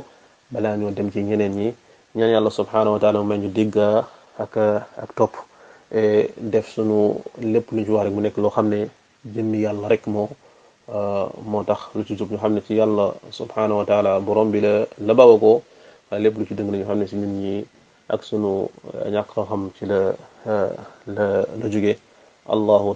balaa ñoo dem ci ñeneen ñi ñaan yàlla subhanahu wa taala mu may ñu digg ak ak topp def sunu lépp lu ñu wax mu nekk loo xam ne jëmmi yàlla rek moo moo tax lu ci jub ñu xam ne ci yàlla subhanahu wa taala borom bi la la bawa ko waaye lépp lu ci dëng na ñu xam ne si ñun ñi ak sunu ñàkk xam ci la la la jóge allahu